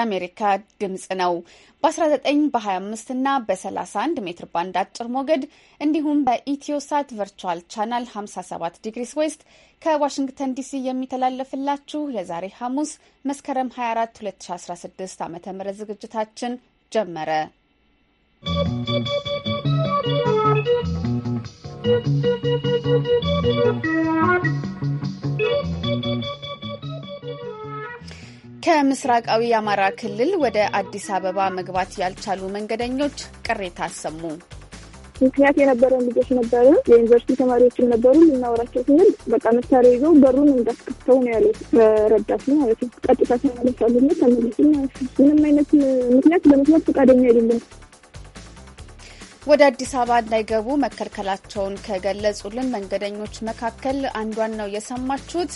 የአሜሪካ ድምፅ ነው። በ19 በ25 እና በ31 ሜትር ባንድ አጭር ሞገድ እንዲሁም በኢትዮሳት ቨርቹዋል ቻናል 57 ዲግሪስ ዌስት ከዋሽንግተን ዲሲ የሚተላለፍላችሁ የዛሬ ሐሙስ መስከረም 24 2016 ዓ ም ዝግጅታችን ጀመረ። ¶¶ ከምስራቃዊ የአማራ ክልል ወደ አዲስ አበባ መግባት ያልቻሉ መንገደኞች ቅሬታ አሰሙ። ምክንያት የነበረን ልጆች ነበረ፣ የዩኒቨርሲቲ ተማሪዎችም ነበሩ። ልናወራቸው ስንል በቃ መሳሪያ ይዘው በሩን እንዳስከፍተው ነው ያሉት፣ በረዳት ማለት ነው። ቀጥታ ተመለሳሉ ተመለሱ። ምንም አይነት ምክንያት ለመስማት ፈቃደኛ አይደለም። ወደ አዲስ አበባ እንዳይገቡ መከልከላቸውን ከገለጹልን መንገደኞች መካከል አንዷን ነው የሰማችሁት።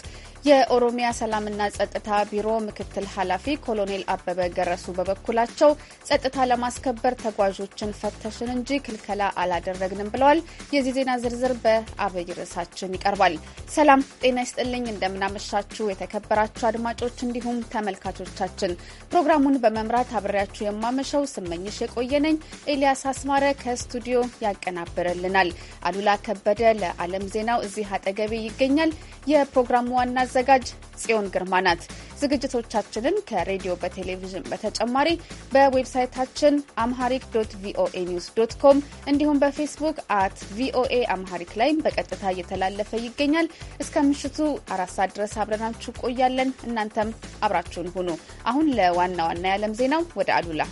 የኦሮሚያ ሰላምና ጸጥታ ቢሮ ምክትል ኃላፊ ኮሎኔል አበበ ገረሱ በበኩላቸው ጸጥታ ለማስከበር ተጓዦችን ፈተሽን እንጂ ክልከላ አላደረግንም ብለዋል። የዚህ ዜና ዝርዝር በአብይ ርዕሳችን ይቀርባል። ሰላም ጤና ይስጥልኝ። እንደምናመሻችሁ የተከበራችሁ አድማጮች እንዲሁም ተመልካቾቻችን ፕሮግራሙን በመምራት አብሬያችሁ የማመሸው ስመኝሽ የቆየነኝ ኤልያስ አስማረ ከስቱዲዮ ያቀናብርልናል። አሉላ ከበደ ለዓለም ዜናው እዚህ አጠገቤ ይገኛል። የፕሮግራሙ ዋና አዘጋጅ ጽዮን ግርማ ናት። ዝግጅቶቻችንን ከሬዲዮ በቴሌቪዥን በተጨማሪ በዌብሳይታችን አምሃሪክ ዶት ቪኦኤ ኒውስ ዶት ኮም እንዲሁም በፌስቡክ አት ቪኦኤ አምሃሪክ ላይ በቀጥታ እየተላለፈ ይገኛል። እስከ ምሽቱ አራት ሰዓት ድረስ አብረናችሁ ቆያለን። እናንተም አብራችሁን ሁኑ። አሁን ለዋና ዋና የዓለም ዜናው ወደ አሉላ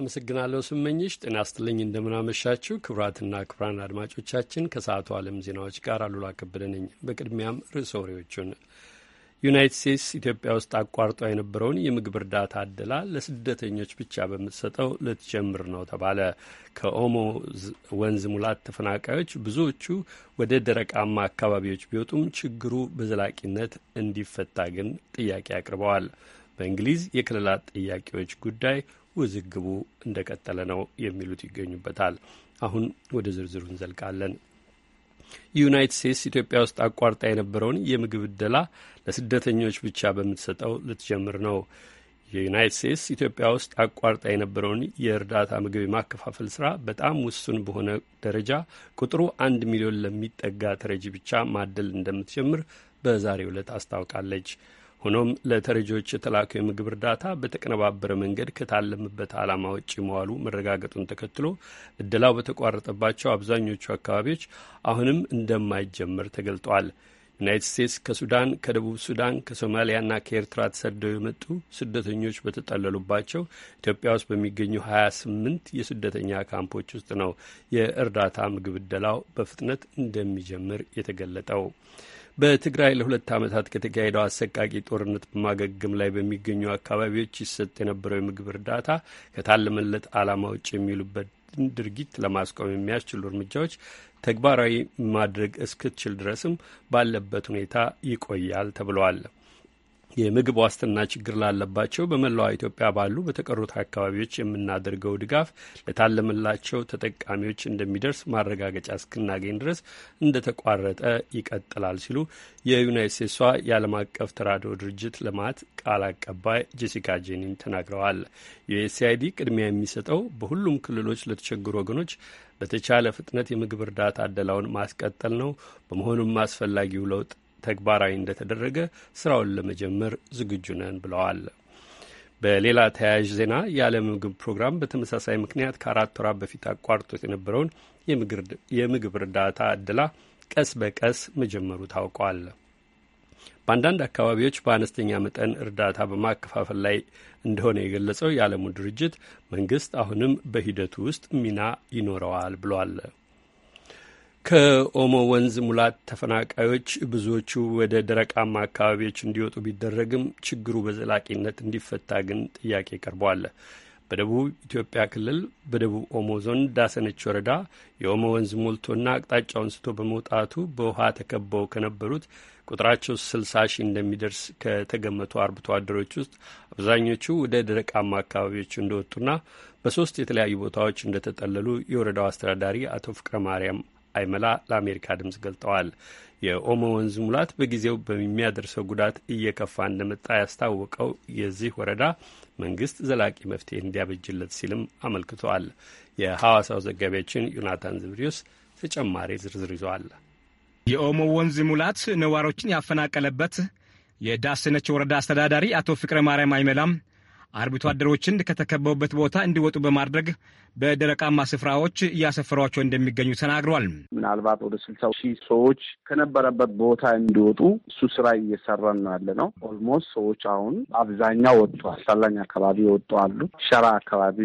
አመሰግናለሁ ስመኝሽ። ጤና ስትልኝ እንደምናመሻችሁ ክቡራትና ክቡራን አድማጮቻችን ከሰዓቱ ዓለም ዜናዎች ጋር አሉላ ከበደ ነኝ። በቅድሚያም ርዕሰ ወሬዎቹን ዩናይትድ ስቴትስ ኢትዮጵያ ውስጥ አቋርጧ የነበረውን የምግብ እርዳታ አደላ ለስደተኞች ብቻ በምትሰጠው ልትጀምር ነው ተባለ። ከኦሞ ወንዝ ሙላት ተፈናቃዮች ብዙዎቹ ወደ ደረቃማ አካባቢዎች ቢወጡም ችግሩ በዘላቂነት እንዲፈታ ግን ጥያቄ አቅርበዋል። በእንግሊዝ የክልላት ጥያቄዎች ጉዳይ ውዝግቡ እንደቀጠለ ነው የሚሉት ይገኙበታል። አሁን ወደ ዝርዝሩ እንዘልቃለን። ዩናይትድ ስቴትስ ኢትዮጵያ ውስጥ አቋርጣ የነበረውን የምግብ እደላ ለስደተኞች ብቻ በምትሰጠው ልትጀምር ነው። የዩናይትድ ስቴትስ ኢትዮጵያ ውስጥ አቋርጣ የነበረውን የእርዳታ ምግብ የማከፋፈል ስራ በጣም ውሱን በሆነ ደረጃ ቁጥሩ አንድ ሚሊዮን ለሚጠጋ ተረጂ ብቻ ማደል እንደምትጀምር በዛሬው ዕለት አስታውቃለች። ሆኖም ለተረጂዎች የተላከው የምግብ እርዳታ በተቀነባበረ መንገድ ከታለምበት ዓላማ ውጭ መዋሉ መረጋገጡን ተከትሎ እደላው በተቋረጠባቸው አብዛኞቹ አካባቢዎች አሁንም እንደማይጀምር ተገልጧል። ዩናይትድ ስቴትስ ከሱዳን፣ ከደቡብ ሱዳን፣ ከሶማሊያና ከኤርትራ ተሰደው የመጡ ስደተኞች በተጠለሉባቸው ኢትዮጵያ ውስጥ በሚገኙ 28 የስደተኛ ካምፖች ውስጥ ነው የእርዳታ ምግብ እደላው በፍጥነት እንደሚጀምር የተገለጠው። በትግራይ ለሁለት ዓመታት ከተካሄደው አሰቃቂ ጦርነት በማገገም ላይ በሚገኙ አካባቢዎች ይሰጥ የነበረው የምግብ እርዳታ ከታለመለት ዓላማ ውጭ የሚውልበት ድርጊት ለማስቆም የሚያስችሉ እርምጃዎች ተግባራዊ ማድረግ እስክትችል ድረስም ባለበት ሁኔታ ይቆያል ተብለዋል። የምግብ ዋስትና ችግር ላለባቸው በመላዋ ኢትዮጵያ ባሉ በተቀሩት አካባቢዎች የምናደርገው ድጋፍ ለታለመላቸው ተጠቃሚዎች እንደሚደርስ ማረጋገጫ እስክናገኝ ድረስ እንደተቋረጠ ይቀጥላል ሲሉ የዩናይት ስቴትሷ የዓለም አቀፍ ተራድኦ ድርጅት ልማት ቃል አቀባይ ጄሲካ ጄኒን ተናግረዋል። ዩኤስአይዲ ቅድሚያ የሚሰጠው በሁሉም ክልሎች ለተቸገሩ ወገኖች በተቻለ ፍጥነት የምግብ እርዳታ አደላውን ማስቀጠል ነው። በመሆኑም አስፈላጊው ለውጥ ተግባራዊ እንደተደረገ ስራውን ለመጀመር ዝግጁ ነን ብለዋል። በሌላ ተያያዥ ዜና የዓለም ምግብ ፕሮግራም በተመሳሳይ ምክንያት ከአራት ወራት በፊት አቋርጦት የነበረውን የምግብ እርዳታ እድላ ቀስ በቀስ መጀመሩ ታውቋል። በአንዳንድ አካባቢዎች በአነስተኛ መጠን እርዳታ በማከፋፈል ላይ እንደሆነ የገለጸው የዓለሙ ድርጅት መንግስት አሁንም በሂደቱ ውስጥ ሚና ይኖረዋል ብሏል። ከኦሞ ወንዝ ሙላት ተፈናቃዮች ብዙዎቹ ወደ ደረቃማ አካባቢዎች እንዲወጡ ቢደረግም ችግሩ በዘላቂነት እንዲፈታ ግን ጥያቄ ቀርቧል። በደቡብ ኢትዮጵያ ክልል በደቡብ ኦሞ ዞን ዳሰነች ወረዳ የኦሞ ወንዝ ሞልቶና አቅጣጫውን ስቶ በመውጣቱ በውሃ ተከበው ከነበሩት ቁጥራቸው ስልሳ ሺህ እንደሚደርስ ከተገመቱ አርብቶ አደሮች ውስጥ አብዛኞቹ ወደ ደረቃማ አካባቢዎች እንደወጡና በሶስት የተለያዩ ቦታዎች እንደተጠለሉ የወረዳው አስተዳዳሪ አቶ ፍቅረ ማርያም አይመላ ለአሜሪካ ድምፅ ገልጠዋል። የኦሞ ወንዝ ሙላት በጊዜው በሚያደርሰው ጉዳት እየከፋ እንደመጣ ያስታወቀው የዚህ ወረዳ መንግስት ዘላቂ መፍትሄ እንዲያበጅለት ሲልም አመልክቷል። የሐዋሳው ዘጋቢያችን ዮናታን ዝብሪዮስ ተጨማሪ ዝርዝር ይዘዋል። የኦሞ ወንዝ ሙላት ነዋሪዎችን ያፈናቀለበት የዳሰነች ወረዳ አስተዳዳሪ አቶ ፍቅረ ማርያም አይመላም አርብቶ አደሮችን ከተከበቡበት ቦታ እንዲወጡ በማድረግ በደረቃማ ስፍራዎች እያሰፈሯቸው እንደሚገኙ ተናግሯል። ምናልባት ወደ ስልሳ ሺህ ሰዎች ከነበረበት ቦታ እንዲወጡ እሱ ስራ እየሰራን ነው ያለ ነው። ኦልሞስት ሰዎች አሁን አብዛኛው ወጡ። አሳላኝ አካባቢ ወጡ አሉ። ሸራ አካባቢ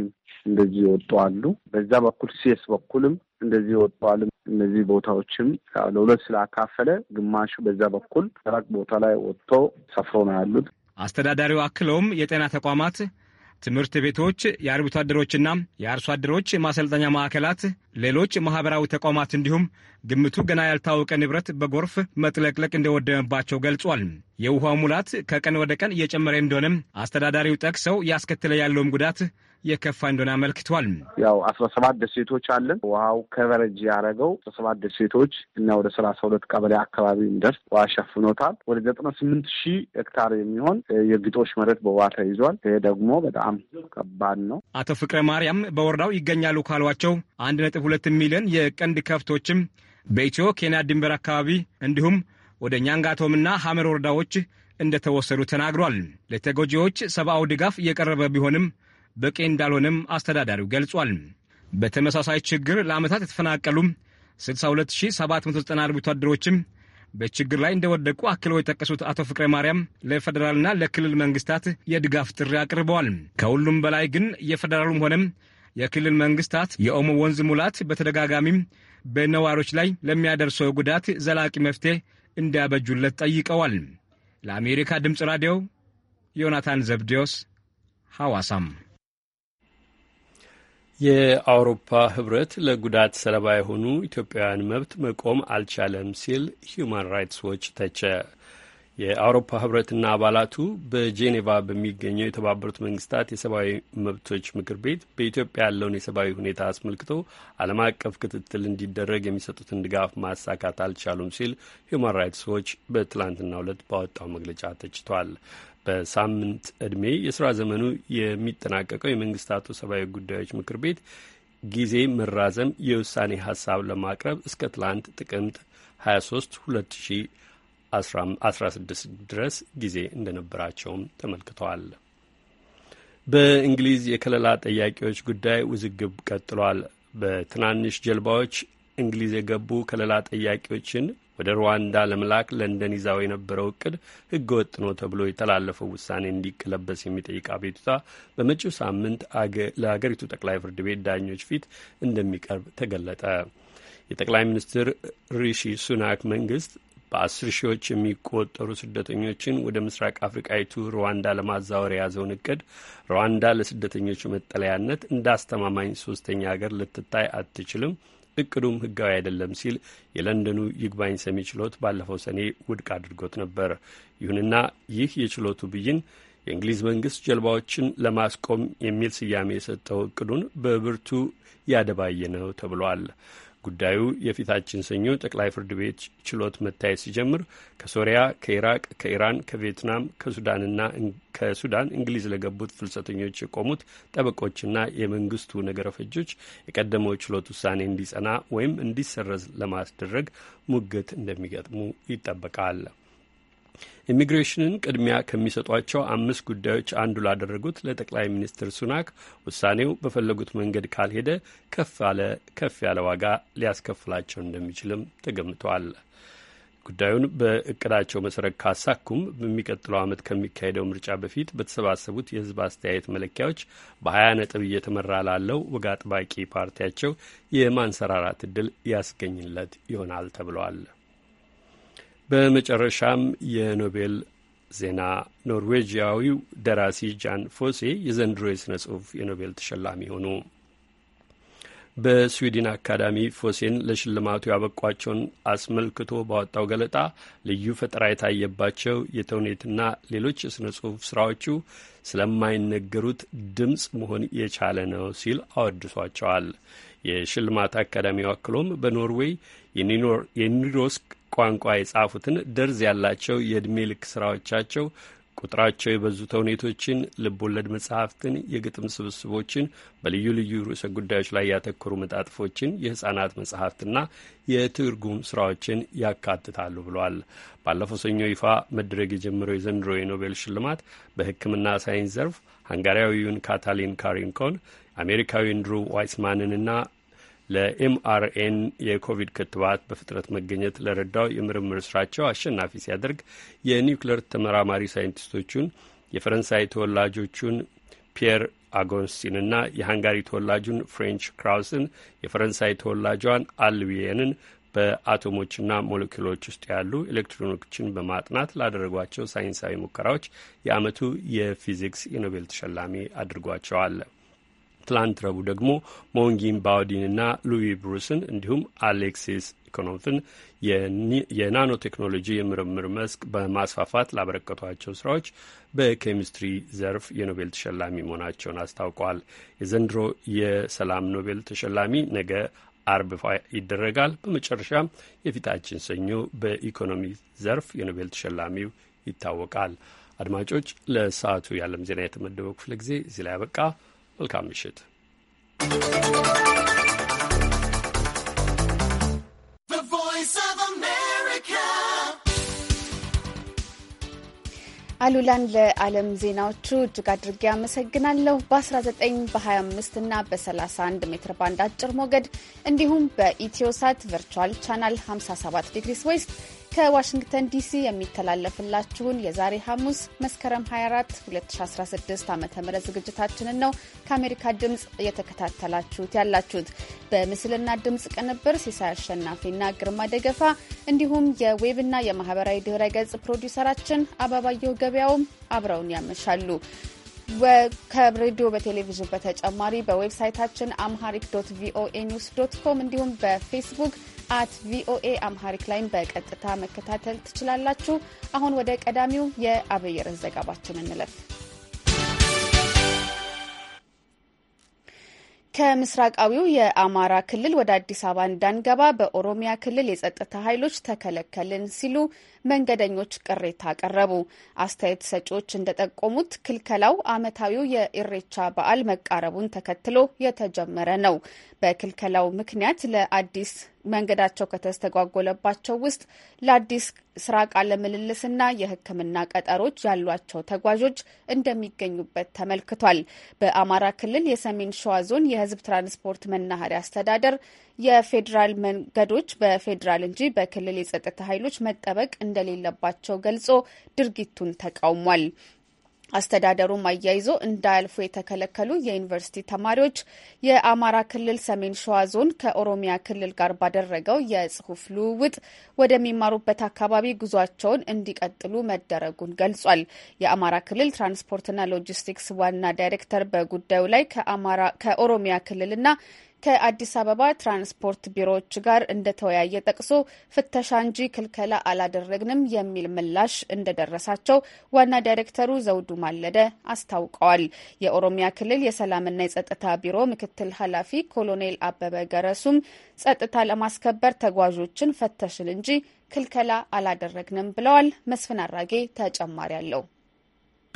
እንደዚህ ወጡ አሉ። በዛ በኩል ሲስ በኩልም እንደዚህ ወጥተዋል። እነዚህ ቦታዎችም ለሁለት ስላካፈለ ግማሹ በዛ በኩል ደረቅ ቦታ ላይ ወጥቶ ሰፍሮ ነው ያሉት። አስተዳዳሪው አክለውም የጤና ተቋማት፣ ትምህርት ቤቶች፣ የአርብቶ አደሮችና የአርሶ አደሮች ማሰልጠኛ ማዕከላት፣ ሌሎች ማኅበራዊ ተቋማት እንዲሁም ግምቱ ገና ያልታወቀ ንብረት በጎርፍ መጥለቅለቅ እንደወደመባቸው ገልጿል። የውሃው ሙላት ከቀን ወደ ቀን እየጨመረ እንደሆነም አስተዳዳሪው ጠቅሰው እያስከተለ ያለውም ጉዳት የከፋ እንደሆነ አመልክቷል። ያው አስራ ሰባት ደሴቶች አለን። ውሃው ከቨረጅ ያደረገው አስራ ሰባት ደሴቶች እና ወደ ሰላሳ ሁለት ቀበሌ አካባቢ እንደርስ ውሃ ሸፍኖታል። ወደ ዘጠና ስምንት ሺህ ሄክታር የሚሆን የግጦሽ መሬት በውሃ ተይዟል። ይሄ ደግሞ በጣም ከባድ ነው። አቶ ፍቅረ ማርያም በወረዳው ይገኛሉ ካሏቸው አንድ ነጥብ ሁለት ሚሊዮን የቀንድ ከብቶችም በኢትዮ ኬንያ ድንበር አካባቢ እንዲሁም ወደ ኛንጋቶምና ሐመር ወረዳዎች እንደተወሰዱ ተናግሯል። ለተጎጂዎች ሰብአዊ ድጋፍ እየቀረበ ቢሆንም በቂ እንዳልሆነም አስተዳዳሪው ገልጿል። በተመሳሳይ ችግር ለዓመታት የተፈናቀሉ 62794 ወታደሮችም በችግር ላይ እንደወደቁ አክለው የጠቀሱት አቶ ፍቅረ ማርያም ለፌዴራልና ለክልል መንግስታት የድጋፍ ጥሪ አቅርበዋል። ከሁሉም በላይ ግን የፌዴራሉም ሆነም የክልል መንግስታት የኦሞ ወንዝ ሙላት በተደጋጋሚም በነዋሪዎች ላይ ለሚያደርሰው ጉዳት ዘላቂ መፍትሄ እንዲያበጁለት ጠይቀዋል። ለአሜሪካ ድምፅ ራዲዮ ዮናታን ዘብዴዎስ ሐዋሳም የአውሮፓ ህብረት ለጉዳት ሰለባ የሆኑ ኢትዮጵያውያን መብት መቆም አልቻለም ሲል ሂዩማን ራይትስ ዎች ተቸ። የአውሮፓ ህብረትና አባላቱ በጄኔቫ በሚገኘው የተባበሩት መንግስታት የሰብአዊ መብቶች ምክር ቤት በኢትዮጵያ ያለውን የሰብአዊ ሁኔታ አስመልክቶ ዓለም አቀፍ ክትትል እንዲደረግ የሚሰጡትን ድጋፍ ማሳካት አልቻሉም ሲል ሂዩማን ራይትስ ዎች በትላንትናው ዕለት ባወጣው መግለጫ ተችቷል። በሳምንት ዕድሜ የስራ ዘመኑ የሚጠናቀቀው የመንግስታቱ ሰብአዊ ጉዳዮች ምክር ቤት ጊዜ መራዘም የውሳኔ ሀሳብ ለማቅረብ እስከ ትላንት ጥቅምት 23 2016 ድረስ ጊዜ እንደነበራቸውም ተመልክተዋል። በእንግሊዝ የከለላ ጠያቂዎች ጉዳይ ውዝግብ ቀጥሏል። በትናንሽ ጀልባዎች እንግሊዝ የገቡ ከለላ ጠያቂዎችን ወደ ሩዋንዳ ለመላክ ለንደን ይዛው የነበረው እቅድ ህገ ወጥ ነው ተብሎ የተላለፈው ውሳኔ እንዲቀለበስ የሚጠይቅ አቤቱታ በመጪው ሳምንት ለሀገሪቱ ጠቅላይ ፍርድ ቤት ዳኞች ፊት እንደሚቀርብ ተገለጠ። የጠቅላይ ሚኒስትር ሪሺ ሱናክ መንግስት በአስር ሺዎች የሚቆጠሩ ስደተኞችን ወደ ምስራቅ አፍሪቃዊቱ ሩዋንዳ ለማዛወር የያዘውን እቅድ ሩዋንዳ ለስደተኞቹ መጠለያነት እንደ አስተማማኝ ሶስተኛ ሀገር ልትታይ አትችልም እቅዱም ህጋዊ አይደለም ሲል የለንደኑ ይግባኝ ሰሚ ችሎት ባለፈው ሰኔ ውድቅ አድርጎት ነበር። ይሁንና ይህ የችሎቱ ብይን የእንግሊዝ መንግስት ጀልባዎችን ለማስቆም የሚል ስያሜ የሰጠው እቅዱን በብርቱ ያደባየ ነው ተብሏል። ጉዳዩ የፊታችን ሰኞ ጠቅላይ ፍርድ ቤት ችሎት መታየት ሲጀምር ከሶሪያ፣ ከኢራቅ፣ ከኢራን፣ ከቪየትናም፣ ከሱዳንና ከሱዳን እንግሊዝ ለገቡት ፍልሰተኞች የቆሙት ጠበቆችና የመንግስቱ ነገረ ፈጆች የቀደመው ችሎት ውሳኔ እንዲጸና ወይም እንዲሰረዝ ለማስደረግ ሙግት እንደሚገጥሙ ይጠበቃል። ኢሚግሬሽንን ቅድሚያ ከሚሰጧቸው አምስት ጉዳዮች አንዱ ላደረጉት ለጠቅላይ ሚኒስትር ሱናክ ውሳኔው በፈለጉት መንገድ ካልሄደ ከፍ ያለ ዋጋ ሊያስከፍላቸው እንደሚችልም ተገምቷል። ጉዳዩን በእቅዳቸው መሰረት ካሳኩም በሚቀጥለው ዓመት ከሚካሄደው ምርጫ በፊት በተሰባሰቡት የሕዝብ አስተያየት መለኪያዎች በሀያ ነጥብ እየተመራ ላለው ወግ አጥባቂ ፓርቲያቸው የማንሰራራት እድል ያስገኝለት ይሆናል ተብሏል። በመጨረሻም የኖቤል ዜና ኖርዌጂያዊው ደራሲ ጃን ፎሴ የዘንድሮ የሥነ ጽሑፍ የኖቤል ተሸላሚ ሆኑ። በስዊድን አካዳሚ ፎሴን ለሽልማቱ ያበቋቸውን አስመልክቶ ባወጣው ገለጣ ልዩ ፈጠራ የታየባቸው የተውኔትና ሌሎች የሥነ ጽሑፍ ሥራዎቹ ስለማይነገሩት ድምፅ መሆን የቻለ ነው ሲል አወድሷቸዋል። የሽልማት አካዳሚው አክሎም በኖርዌይ የኒሮስክ ቋንቋ የጻፉትን ደርዝ ያላቸው የዕድሜ ልክ ስራዎቻቸው ቁጥራቸው የበዙ ተውኔቶችን፣ ልቦለድ መጽሐፍትን፣ የግጥም ስብስቦችን፣ በልዩ ልዩ ርዕሰ ጉዳዮች ላይ ያተኮሩ መጣጥፎችን፣ የህጻናት መጽሐፍትና የትርጉም ስራዎችን ያካትታሉ ብሏል። ባለፈው ሰኞ ይፋ መድረግ የጀመረው የዘንድሮ የኖቤል ሽልማት በሕክምና ሳይንስ ዘርፍ ሃንጋሪያዊውን ካታሊን ካሪንኮን አሜሪካዊ ድሩ ዋይስማንንና ለኤምአርኤን የኮቪድ ክትባት በፍጥነት መገኘት ለረዳው የምርምር ስራቸው አሸናፊ ሲያደርግ የኒውክሌር ተመራማሪ ሳይንቲስቶቹን የፈረንሳይ ተወላጆቹን ፒየር አጎንስቲንና የሃንጋሪ ተወላጁን ፍሬንች ክራውስን የፈረንሳይ ተወላጇን አልቢየንን በአቶሞችና ሞለኪውሎች ውስጥ ያሉ ኤሌክትሮኖችን በማጥናት ላደረጓቸው ሳይንሳዊ ሙከራዎች የዓመቱ የፊዚክስ የኖቤል ተሸላሚ አድርጓቸዋል። ትላንት ረቡዕ ደግሞ ሞንጊን ባውዲንና ሉዊ ብሩስን እንዲሁም አሌክሲስ ኢኮኖቭን የናኖ ቴክኖሎጂ የምርምር መስክ በማስፋፋት ላበረከቷቸው ስራዎች በኬሚስትሪ ዘርፍ የኖቤል ተሸላሚ መሆናቸውን አስታውቀዋል። የዘንድሮ የሰላም ኖቤል ተሸላሚ ነገ አርብ ይፋ ይደረጋል። በመጨረሻም የፊታችን ሰኞ በኢኮኖሚ ዘርፍ የኖቤል ተሸላሚው ይታወቃል። አድማጮች፣ ለሰዓቱ የዓለም ዜና የተመደበው ክፍለ ጊዜ እዚህ ላይ አበቃ። መልካም ምሽት። አሉላን ለዓለም ዜናዎቹ እጅግ አድርጌ አመሰግናለሁ። በ19 በ25 እና በ31 ሜትር ባንድ አጭር ሞገድ እንዲሁም በኢትዮሳት ቨርቹዋል ቻናል 57 ዲግሪስ ዌስት ከዋሽንግተን ዲሲ የሚተላለፍላችሁን የዛሬ ሐሙስ መስከረም 24 2016 ዓ ም ዝግጅታችንን ነው ከአሜሪካ ድምፅ እየተከታተላችሁት ያላችሁት። በምስልና ድምፅ ቅንብር ሲሳይ አሸናፊና ግርማ ደገፋ እንዲሁም የዌብና የማህበራዊ ድህረ ገጽ ፕሮዲውሰራችን አበባየሁ ገበያውም አብረውን ያመሻሉ። ከሬዲዮ በቴሌቪዥን በተጨማሪ በዌብሳይታችን አምሃሪክ ዶት ቪኦኤ ኒውስ ዶት ኮም እንዲሁም በፌስቡክ አት ቪኦኤ አምሃሪክ ላይም በቀጥታ መከታተል ትችላላችሁ። አሁን ወደ ቀዳሚው የአብይ ርዕስ ዘገባችን እንለፍ። ከምስራቃዊው የአማራ ክልል ወደ አዲስ አበባ እንዳንገባ በኦሮሚያ ክልል የጸጥታ ኃይሎች ተከለከልን ሲሉ መንገደኞች ቅሬታ አቀረቡ። አስተያየት ሰጪዎች እንደጠቆሙት ክልከላው ዓመታዊው የኢሬቻ በዓል መቃረቡን ተከትሎ የተጀመረ ነው። በክልከላው ምክንያት ለአዲስ መንገዳቸው ከተስተጓጎለባቸው ውስጥ ለአዲስ ስራ ቃለ ምልልስና የሕክምና ቀጠሮች ያሏቸው ተጓዦች እንደሚገኙበት ተመልክቷል። በአማራ ክልል የሰሜን ሸዋ ዞን የህዝብ ትራንስፖርት መናኸሪያ አስተዳደር የፌዴራል መንገዶች በፌዴራል እንጂ በክልል የጸጥታ ኃይሎች መጠበቅ እንደሌለባቸው ገልጾ ድርጊቱን ተቃውሟል። አስተዳደሩም አያይዞ እንዳያልፉ የተከለከሉ የዩኒቨርሲቲ ተማሪዎች የአማራ ክልል ሰሜን ሸዋ ዞን ከኦሮሚያ ክልል ጋር ባደረገው የጽሁፍ ልውውጥ ወደሚማሩበት አካባቢ ጉዟቸውን እንዲቀጥሉ መደረጉን ገልጿል። የአማራ ክልል ትራንስፖርትና ሎጂስቲክስ ዋና ዳይሬክተር በጉዳዩ ላይ ከኦሮሚያ ክልልና ከአዲስ አበባ ትራንስፖርት ቢሮዎች ጋር እንደተወያየ ጠቅሶ ፍተሻ እንጂ ክልከላ አላደረግንም የሚል ምላሽ እንደደረሳቸው ዋና ዳይሬክተሩ ዘውዱ ማለደ አስታውቀዋል። የኦሮሚያ ክልል የሰላምና የጸጥታ ቢሮ ምክትል ኃላፊ ኮሎኔል አበበ ገረሱም ጸጥታ ለማስከበር ተጓዦችን ፈተሽን እንጂ ክልከላ አላደረግንም ብለዋል። መስፍን አራጌ ተጨማሪ አለው።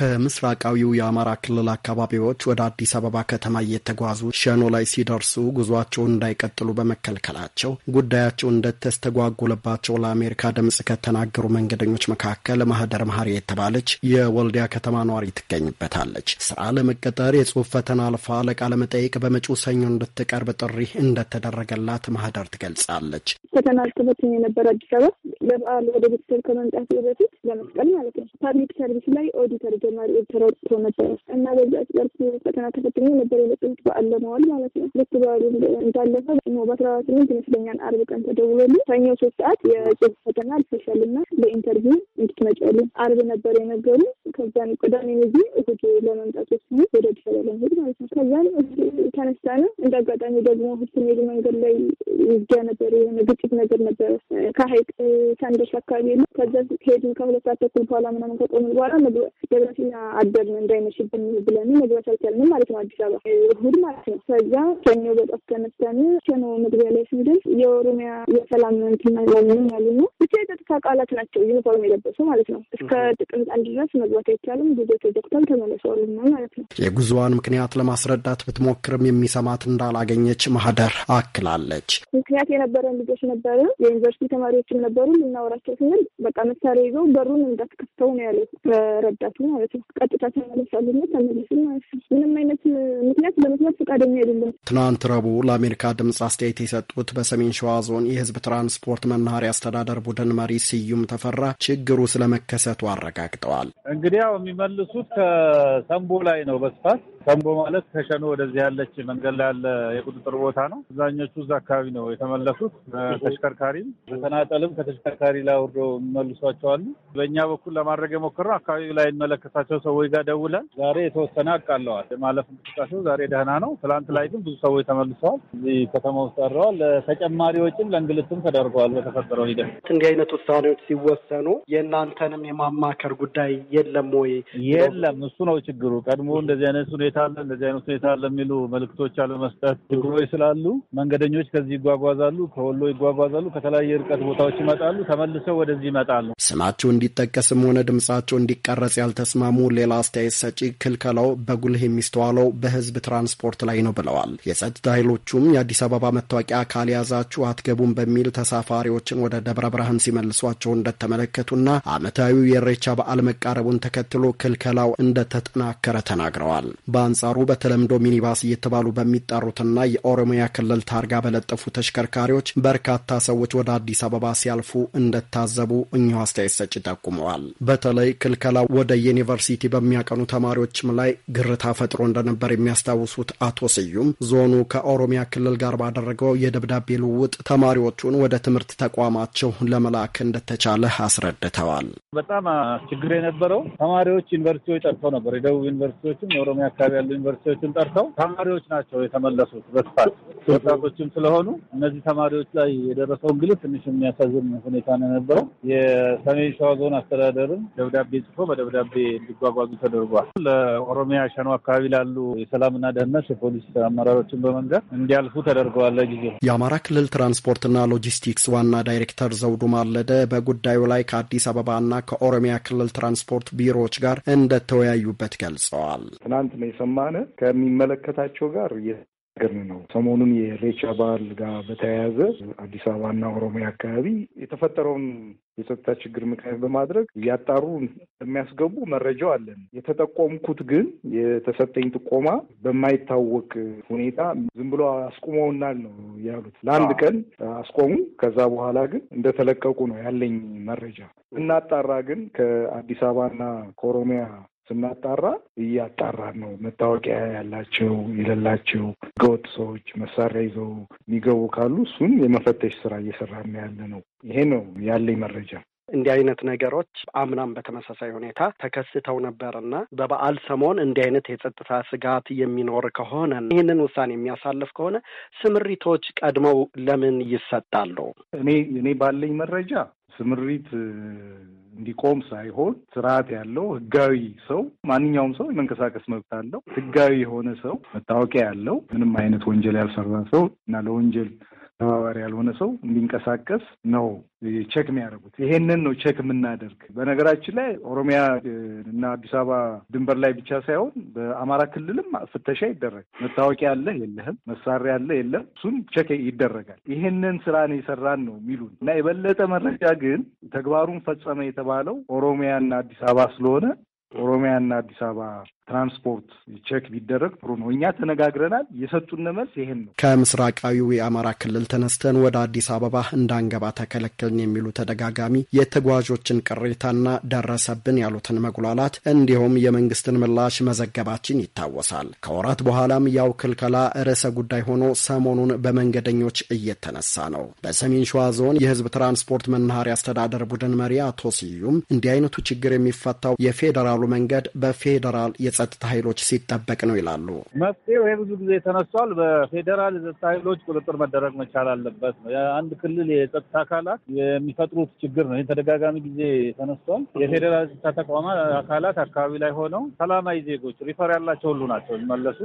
በምስራቃዊው የአማራ ክልል አካባቢዎች ወደ አዲስ አበባ ከተማ እየተጓዙ ሸኖ ላይ ሲደርሱ ጉዟቸውን እንዳይቀጥሉ በመከልከላቸው ጉዳያቸው እንደተስተጓጎለባቸው ለአሜሪካ ድምፅ ከተናገሩ መንገደኞች መካከል ማህደር መሀሪ የተባለች የወልዲያ ከተማ ነዋሪ ትገኝበታለች። ስራ ለመቀጠር የጽሁፍ ፈተና አልፋ ለቃለመጠይቅ መጠይቅ በመጪው ሰኞ እንድትቀርብ ጥሪ እንደተደረገላት ማህደር ትገልጻለች። ፈተና አልተበትኝ የነበረ አዲስ አበባ ለበዓል ወደ ቤተሰብ ከመምጣት በፊት ለመስቀል ማለት ነው ፓብሊክ ሰርቪስ ላይ ኦዲተር ጀመር ተረጥቶ ነበር እና በዛ ጨርስ ፈተና ተፈትኖ ነበር የመጣሁት በዓል ለመዋል ማለት ነው። ልክ በዓሉ እንዳለፈ በአስራ ስምንት ይመስለኛል አርብ ቀን ተደውሎልኝ ሰኞ ሶስት ሰዓት የጽሁፍ ፈተና ልፈሻል አልፈሻልና ለኢንተርቪው እንድትመጫሉ አርብ ነበር የነገሩ። ከዛን ቅዳሜ ነዚ እሁድ ለመምጣት ወስኜ ወደ አዲስ አበባ ለመሄድ ማለት ነው። ከዛን ተነሳነ እንደ አጋጣሚ ደግሞ እሑድ ስንሄድ መንገድ ላይ ውጊያ ነበር፣ የሆነ ግጭት ነገር ነበረ ከሀይቅ ሳንደሽ አካባቢ ነው። ከዛ ሄድን ከሁለት ሰዓት ተኩል በኋላ ምናምን ከቆምን በኋላ ደረስና አደርን እንዳይመሽብን ብለን መግባት አልቻልንም ማለት ነው። አዲስ አበባ እሑድ ማለት ነው። ከዛ ሰኞ በጠፍ ተነስተን ሸኖ መግቢያ ላይ ስንደርስ የኦሮሚያ የሰላም እንትና ያሉ ነው ብቻ የጸጥታ አቃላት ናቸው ዩኒፎርም የለበሱ ማለት ነው። እስከ ጥቅምት አንድ ድረስ መግባት አይቻልም። ጉዞ ተዘግቷል። ተመለሰዋል ማለት ነው። የጉዞዋን ምክንያት ለማስረዳት ብትሞክርም የሚሰማት እንዳላገኘች ማህደር አክላለች። ምክንያት የነበረን ልጆች ነበረ፣ የዩኒቨርሲቲ ተማሪዎችም ነበሩ። ልናወራቸው ስንል በቃ መሳሪያ ይዘው በሩን እንዳትከፍተው ነው ያሉት ረዳት ማለት ነው ማለት ነው። ቀጥታ ተመለሳሉና ተመለሱ ማለት ነው። ምንም አይነት ምክንያት ለመስማት ፈቃደኛ አይደለም። ትናንት ረቡዕ ለአሜሪካ ድምጽ አስተያየት የሰጡት በሰሜን ሸዋ ዞን የህዝብ ትራንስፖርት መናኸሪያ አስተዳደር ቡድን መሪ ስዩም ተፈራ ችግሩ ስለመከሰቱ አረጋግጠዋል። እንግዲህ ያው የሚመልሱት ከሰንቦ ላይ ነው በስፋት ሸንቦ ማለት ከሸኖ ወደዚህ ያለች መንገድ ላይ ያለ የቁጥጥር ቦታ ነው። አብዛኞቹ እዛ አካባቢ ነው የተመለሱት። ተሽከርካሪም በተናጠልም ከተሽከርካሪ ላይ ወርዶ የሚመልሷቸዋሉ። በእኛ በኩል ለማድረግ የሞከረው አካባቢ ላይ የሚመለከታቸው ሰዎች ጋር ደውለን ዛሬ የተወሰነ አቃለዋል። የማለፍ እንቅስቃሴው ዛሬ ደህና ነው። ትላንት ላይ ግን ብዙ ሰዎች ተመልሰዋል። እዚህ ከተማ ውስጥ ቀረዋል። ተጨማሪ ወጪም ለእንግልትም ተደርገዋል። በተፈጠረው ሂደት እንዲህ አይነት ውሳኔዎች ሲወሰኑ የእናንተንም የማማከር ጉዳይ የለም ወይ? የለም። እሱ ነው ችግሩ። ቀድሞ እንደዚህ አይነት ሁኔታ አለ፣ እንደዚህ አይነት ሁኔታ አለ የሚሉ መልእክቶች አለመስጠት ችግሮች ስላሉ መንገደኞች ከዚህ ይጓጓዛሉ፣ ከወሎ ይጓጓዛሉ፣ ከተለያየ እርቀት ቦታዎች ይመጣሉ፣ ተመልሰው ወደዚህ ይመጣሉ። ስማቸው እንዲጠቀስም ሆነ ድምጻቸው እንዲቀረጽ ያልተስማሙ ሌላ አስተያየት ሰጪ ክልከላው በጉልህ የሚስተዋለው በህዝብ ትራንስፖርት ላይ ነው ብለዋል። የጸጥታ ኃይሎቹም የአዲስ አበባ መታወቂያ ካልያዛችሁ አትገቡም በሚል ተሳፋሪዎችን ወደ ደብረ ብርሃን ሲመልሷቸው እንደተመለከቱና ዓመታዊው የኢሬቻ በዓል መቃረቡን ተከትሎ ክልከላው እንደተጠናከረ ተናግረዋል። በአንጻሩ በተለምዶ ሚኒባስ እየተባሉ በሚጠሩትና የኦሮሚያ ክልል ታርጋ በለጠፉ ተሽከርካሪዎች በርካታ ሰዎች ወደ አዲስ አበባ ሲያልፉ እንደታዘቡ እኚሁ አስተያየት ሰጪ ጠቁመዋል። በተለይ ክልከላ ወደ ዩኒቨርሲቲ በሚያቀኑ ተማሪዎችም ላይ ግርታ ፈጥሮ እንደነበር የሚያስታውሱት አቶ ስዩም ዞኑ ከኦሮሚያ ክልል ጋር ባደረገው የደብዳቤ ልውውጥ ተማሪዎቹን ወደ ትምህርት ተቋማቸው ለመላክ እንደተቻለ አስረድተዋል። በጣም ችግር የነበረው ተማሪዎች ዩኒቨርሲቲዎች ጠርተው ነበር። የደቡብ ዩኒቨርሲቲዎችም የኦሮሚያ አካባቢ ያሉ ዩኒቨርሲቲዎችን ጠርተው ተማሪዎች ናቸው የተመለሱት በስፋት ወጣቶችም ስለሆኑ እነዚህ ተማሪዎች ላይ የደረሰው እንግልት ትንሽ የሚያሳዝን ሁኔታ ነው የነበረው። የሰሜን ሸዋ ዞን አስተዳደርም ደብዳቤ ጽፎ በደብዳቤ እንዲጓጓዙ ተደርጓል። ለኦሮሚያ ሸኖ አካባቢ ላሉ የሰላምና ደህንነት የፖሊስ አመራሮችን በመንገድ እንዲያልፉ ተደርገዋል። ለጊዜው የአማራ ክልል ትራንስፖርትና ሎጂስቲክስ ዋና ዳይሬክተር ዘውዱ ማለደ በጉዳዩ ላይ ከአዲስ አበባና ከኦሮሚያ ክልል ትራንስፖርት ቢሮዎች ጋር እንደተወያዩበት ገልጸዋል። ትናንት ነው ስለሰማነ ከሚመለከታቸው ጋር እየተነጋገርን ነው። ሰሞኑን የሬቻ በዓል ጋር በተያያዘ አዲስ አበባና ኦሮሚያ አካባቢ የተፈጠረውን የጸጥታ ችግር ምክንያት በማድረግ እያጣሩ የሚያስገቡ መረጃው አለን። የተጠቆምኩት ግን የተሰጠኝ ጥቆማ በማይታወቅ ሁኔታ ዝም ብሎ አስቁመውናል ነው ያሉት። ለአንድ ቀን አስቆሙ። ከዛ በኋላ ግን እንደተለቀቁ ነው ያለኝ መረጃ። እናጣራ ግን ከአዲስ አበባና ከኦሮሚያ ስናጣራ እያጣራ ነው። መታወቂያ ያላቸው የሌላቸው ህገወጥ ሰዎች መሳሪያ ይዘው የሚገቡ ካሉ እሱን የመፈተሽ ስራ እየሰራን ያለ ነው። ይሄ ነው ያለኝ መረጃ። እንዲህ አይነት ነገሮች አምናም በተመሳሳይ ሁኔታ ተከስተው ነበርና በበዓል ሰሞን እንዲህ አይነት የጸጥታ ስጋት የሚኖር ከሆነ ይህንን ውሳኔ የሚያሳልፍ ከሆነ ስምሪቶች ቀድመው ለምን ይሰጣሉ? እኔ እኔ ባለኝ መረጃ ስምሪት እንዲቆም ሳይሆን ስርዓት ያለው ህጋዊ ሰው ማንኛውም ሰው የመንቀሳቀስ መብት አለው። ህጋዊ የሆነ ሰው መታወቂያ ያለው ምንም አይነት ወንጀል ያልሰራ ሰው እና ለወንጀል ተባባሪ ያልሆነ ሰው እንዲንቀሳቀስ ነው ቼክ የሚያደርጉት። ይሄንን ነው ቼክ የምናደርግ። በነገራችን ላይ ኦሮሚያ እና አዲስ አበባ ድንበር ላይ ብቻ ሳይሆን በአማራ ክልልም ፍተሻ ይደረግ። መታወቂያ አለ የለህም፣ መሳሪያ አለ የለም፣ እሱን ቼክ ይደረጋል። ይሄንን ስራ ነው የሰራን ነው የሚሉን እና የበለጠ መረጃ ግን ተግባሩን ፈጸመ የተባለው ኦሮሚያ እና አዲስ አበባ ስለሆነ ኦሮሚያና አዲስ አበባ ትራንስፖርት ቼክ ቢደረግ ጥሩ ነው። እኛ ተነጋግረናል። የሰጡን መልስ ይሄን ነው። ከምስራቃዊው የአማራ ክልል ተነስተን ወደ አዲስ አበባ እንዳንገባ ተከለከልን የሚሉ ተደጋጋሚ የተጓዦችን ቅሬታና ደረሰብን ያሉትን መጉላላት እንዲሁም የመንግስትን ምላሽ መዘገባችን ይታወሳል። ከወራት በኋላም ያው ክልከላ ርዕሰ ጉዳይ ሆኖ ሰሞኑን በመንገደኞች እየተነሳ ነው። በሰሜን ሸዋ ዞን የህዝብ ትራንስፖርት መናኸሪያ አስተዳደር ቡድን መሪ አቶ ስዩም እንዲህ አይነቱ ችግር የሚፈታው የፌዴራል ባሉ መንገድ በፌዴራል የጸጥታ ኃይሎች ሲጠበቅ ነው ይላሉ። መፍትሄው ይሄ ብዙ ጊዜ ተነስቷል። በፌዴራል የጸጥታ ኃይሎች ቁጥጥር መደረግ መቻል አለበት ነው። የአንድ ክልል የጸጥታ አካላት የሚፈጥሩት ችግር ነው። ይህ ተደጋጋሚ ጊዜ ተነሷል። የፌዴራል የጸጥታ ተቋማት አካላት አካባቢ ላይ ሆነው ሰላማዊ ዜጎች ሪፈር ያላቸው ሁሉ ናቸው የሚመለሱ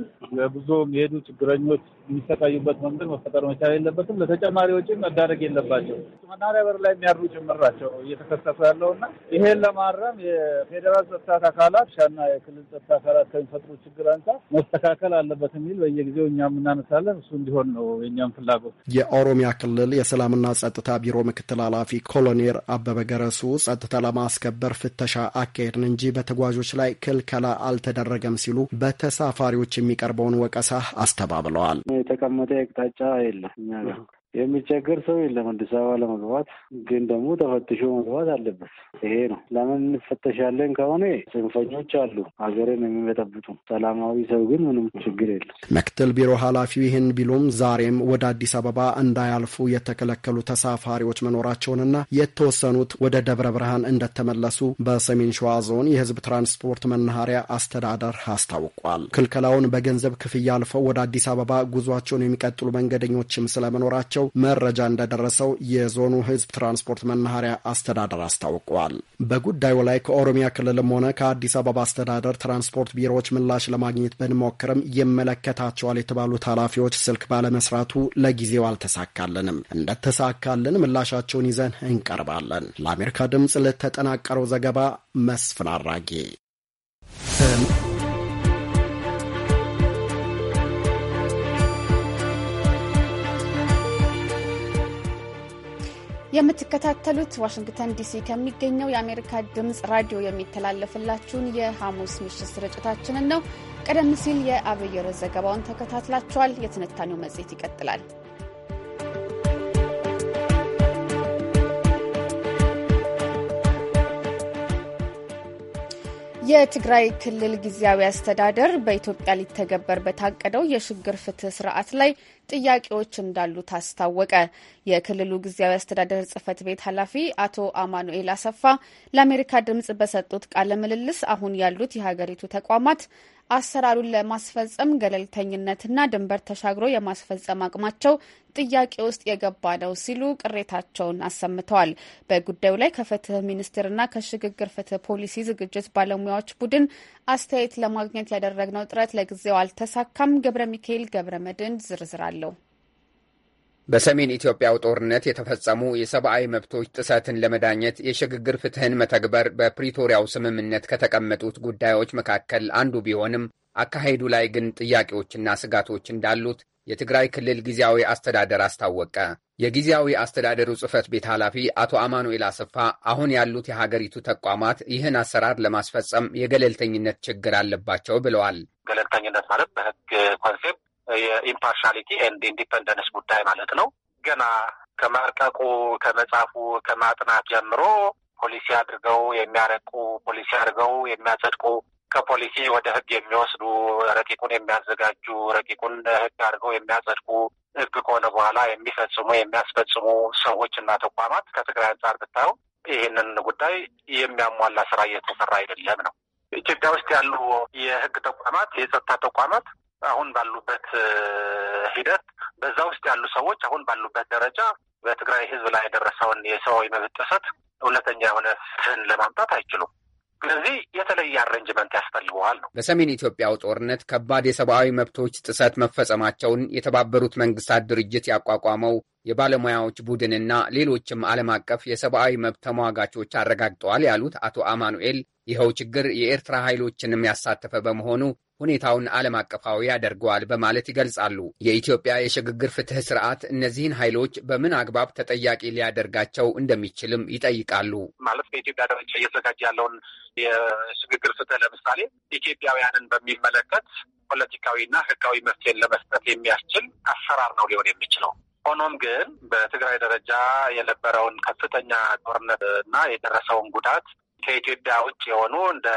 ብዙ የሄዱ ችግረኞች የሚሰቃዩበት መንገድ መፈጠር መቻል የለበትም። ለተጨማሪ ወጪ መዳረግ የለባቸው መናሪያ በር ላይ የሚያድሩ ጭምር ናቸው እየተከሰሱ ያለውና ይሄን ለማረም የፌዴራል ጸጥታ አካላት ሻና የክልል ጸጥታ አካላት ከሚፈጥሩ ችግር አንጻር መስተካከል አለበት የሚል በየጊዜው እኛም እናነሳለን። እሱ እንዲሆን ነው የእኛም ፍላጎት። የኦሮሚያ ክልል የሰላምና ጸጥታ ቢሮ ምክትል ኃላፊ ኮሎኔል አበበ ገረሱ ጸጥታ ለማስከበር ፍተሻ አካሄድን እንጂ በተጓዦች ላይ ክልከላ አልተደረገም ሲሉ በተሳፋሪዎች የሚቀርበውን ወቀሳ አስተባብለዋል። የተቀመጠ የአቅጣጫ የለም እኛ የሚቸገር ሰው የለም። አዲስ አበባ ለመግባት ግን ደግሞ ተፈትሾ መግባት አለበት። ይሄ ነው። ለምን እንፈተሻለን ከሆነ ጽንፈኞች አሉ ሀገርን የሚበጠብጡ። ሰላማዊ ሰው ግን ምንም ችግር የለም። ምክትል ቢሮ ኃላፊው ይህን ቢሉም ዛሬም ወደ አዲስ አበባ እንዳያልፉ የተከለከሉ ተሳፋሪዎች መኖራቸውንና የተወሰኑት ወደ ደብረ ብርሃን እንደተመለሱ በሰሜን ሸዋ ዞን የህዝብ ትራንስፖርት መናኸሪያ አስተዳደር አስታውቋል። ክልከላውን በገንዘብ ክፍያ አልፈው ወደ አዲስ አበባ ጉዟቸውን የሚቀጥሉ መንገደኞችም ስለመኖራቸው መሆናቸው መረጃ እንደደረሰው የዞኑ ህዝብ ትራንስፖርት መናኸሪያ አስተዳደር አስታውቋል። በጉዳዩ ላይ ከኦሮሚያ ክልልም ሆነ ከአዲስ አበባ አስተዳደር ትራንስፖርት ቢሮዎች ምላሽ ለማግኘት ብንሞክርም ይመለከታቸዋል የተባሉት ኃላፊዎች ስልክ ባለመስራቱ ለጊዜው አልተሳካልንም። እንደተሳካልን ምላሻቸውን ይዘን እንቀርባለን። ለአሜሪካ ድምፅ ለተጠናቀረው ዘገባ መስፍን አራጌ የምትከታተሉት ዋሽንግተን ዲሲ ከሚገኘው የአሜሪካ ድምፅ ራዲዮ የሚተላለፍላችሁን የሐሙስ ምሽት ስርጭታችንን ነው። ቀደም ሲል የአብየር ዘገባውን ተከታትላችኋል። የትንታኔው መጽሔት ይቀጥላል። የትግራይ ክልል ጊዜያዊ አስተዳደር በኢትዮጵያ ሊተገበር በታቀደው የሽግግር ፍትህ ስርዓት ላይ ጥያቄዎች እንዳሉት አስታወቀ። የክልሉ ጊዜያዊ አስተዳደር ጽህፈት ቤት ኃላፊ አቶ አማኑኤል አሰፋ ለአሜሪካ ድምጽ በሰጡት ቃለ ምልልስ አሁን ያሉት የሀገሪቱ ተቋማት አሰራሩን ለማስፈጸም ገለልተኝነትና ድንበር ተሻግሮ የማስፈጸም አቅማቸው ጥያቄ ውስጥ የገባ ነው ሲሉ ቅሬታቸውን አሰምተዋል። በጉዳዩ ላይ ከፍትህ ሚኒስቴርና ከሽግግር ፍትህ ፖሊሲ ዝግጅት ባለሙያዎች ቡድን አስተያየት ለማግኘት ያደረግነው ጥረት ለጊዜው አልተሳካም። ገብረ ሚካኤል ገብረ መድን ዝርዝር አለው። በሰሜን ኢትዮጵያው ጦርነት የተፈጸሙ የሰብአዊ መብቶች ጥሰትን ለመዳኘት የሽግግር ፍትህን መተግበር በፕሪቶሪያው ስምምነት ከተቀመጡት ጉዳዮች መካከል አንዱ ቢሆንም አካሄዱ ላይ ግን ጥያቄዎችና ስጋቶች እንዳሉት የትግራይ ክልል ጊዜያዊ አስተዳደር አስታወቀ። የጊዜያዊ አስተዳደሩ ጽህፈት ቤት ኃላፊ አቶ አማኑኤል አሰፋ አሁን ያሉት የሀገሪቱ ተቋማት ይህን አሰራር ለማስፈጸም የገለልተኝነት ችግር አለባቸው ብለዋል። ገለልተኝነት ማለት በህግ ኮንሴፕት የኢምፓርሻሊቲ ኤንድ ኢንዲፐንደንስ ጉዳይ ማለት ነው። ገና ከመርቀቁ ከመጻፉ ከማጥናት ጀምሮ ፖሊሲ አድርገው የሚያረቁ ፖሊሲ አድርገው የሚያጸድቁ ከፖሊሲ ወደ ህግ የሚወስዱ ረቂቁን የሚያዘጋጁ ረቂቁን ህግ አድርገው የሚያጸድቁ ህግ ከሆነ በኋላ የሚፈጽሙ የሚያስፈጽሙ ሰዎች እና ተቋማት ከትግራይ አንጻር ብታየው ይህንን ጉዳይ የሚያሟላ ስራ እየተሰራ አይደለም ነው። ኢትዮጵያ ውስጥ ያሉ የህግ ተቋማት የጸጥታ ተቋማት አሁን ባሉበት ሂደት በዛ ውስጥ ያሉ ሰዎች አሁን ባሉበት ደረጃ በትግራይ ህዝብ ላይ የደረሰውን የሰብአዊ መብት ጥሰት እውነተኛ የሆነ ፍትህን ለማምጣት አይችሉም። ስለዚህ የተለየ አሬንጅመንት ያስፈልገዋል ነው። በሰሜን ኢትዮጵያው ጦርነት ከባድ የሰብአዊ መብቶች ጥሰት መፈጸማቸውን የተባበሩት መንግስታት ድርጅት ያቋቋመው የባለሙያዎች ቡድንና ሌሎችም ዓለም አቀፍ የሰብአዊ መብት ተሟጋቾች አረጋግጠዋል ያሉት አቶ አማኑኤል ይኸው ችግር የኤርትራ ኃይሎችንም ያሳተፈ በመሆኑ ሁኔታውን ዓለም አቀፋዊ ያደርገዋል በማለት ይገልጻሉ። የኢትዮጵያ የሽግግር ፍትህ ስርዓት እነዚህን ኃይሎች በምን አግባብ ተጠያቂ ሊያደርጋቸው እንደሚችልም ይጠይቃሉ። ማለት በኢትዮጵያ ደረጃ እየተዘጋጀ ያለውን የሽግግር ፍትህ ለምሳሌ ኢትዮጵያውያንን በሚመለከት ፖለቲካዊና ህጋዊ መፍትሄን ለመስጠት የሚያስችል አሰራር ነው ሊሆን የሚችለው። ሆኖም ግን በትግራይ ደረጃ የነበረውን ከፍተኛ ጦርነት እና የደረሰውን ጉዳት ከኢትዮጵያ ውጭ የሆኑ እንደ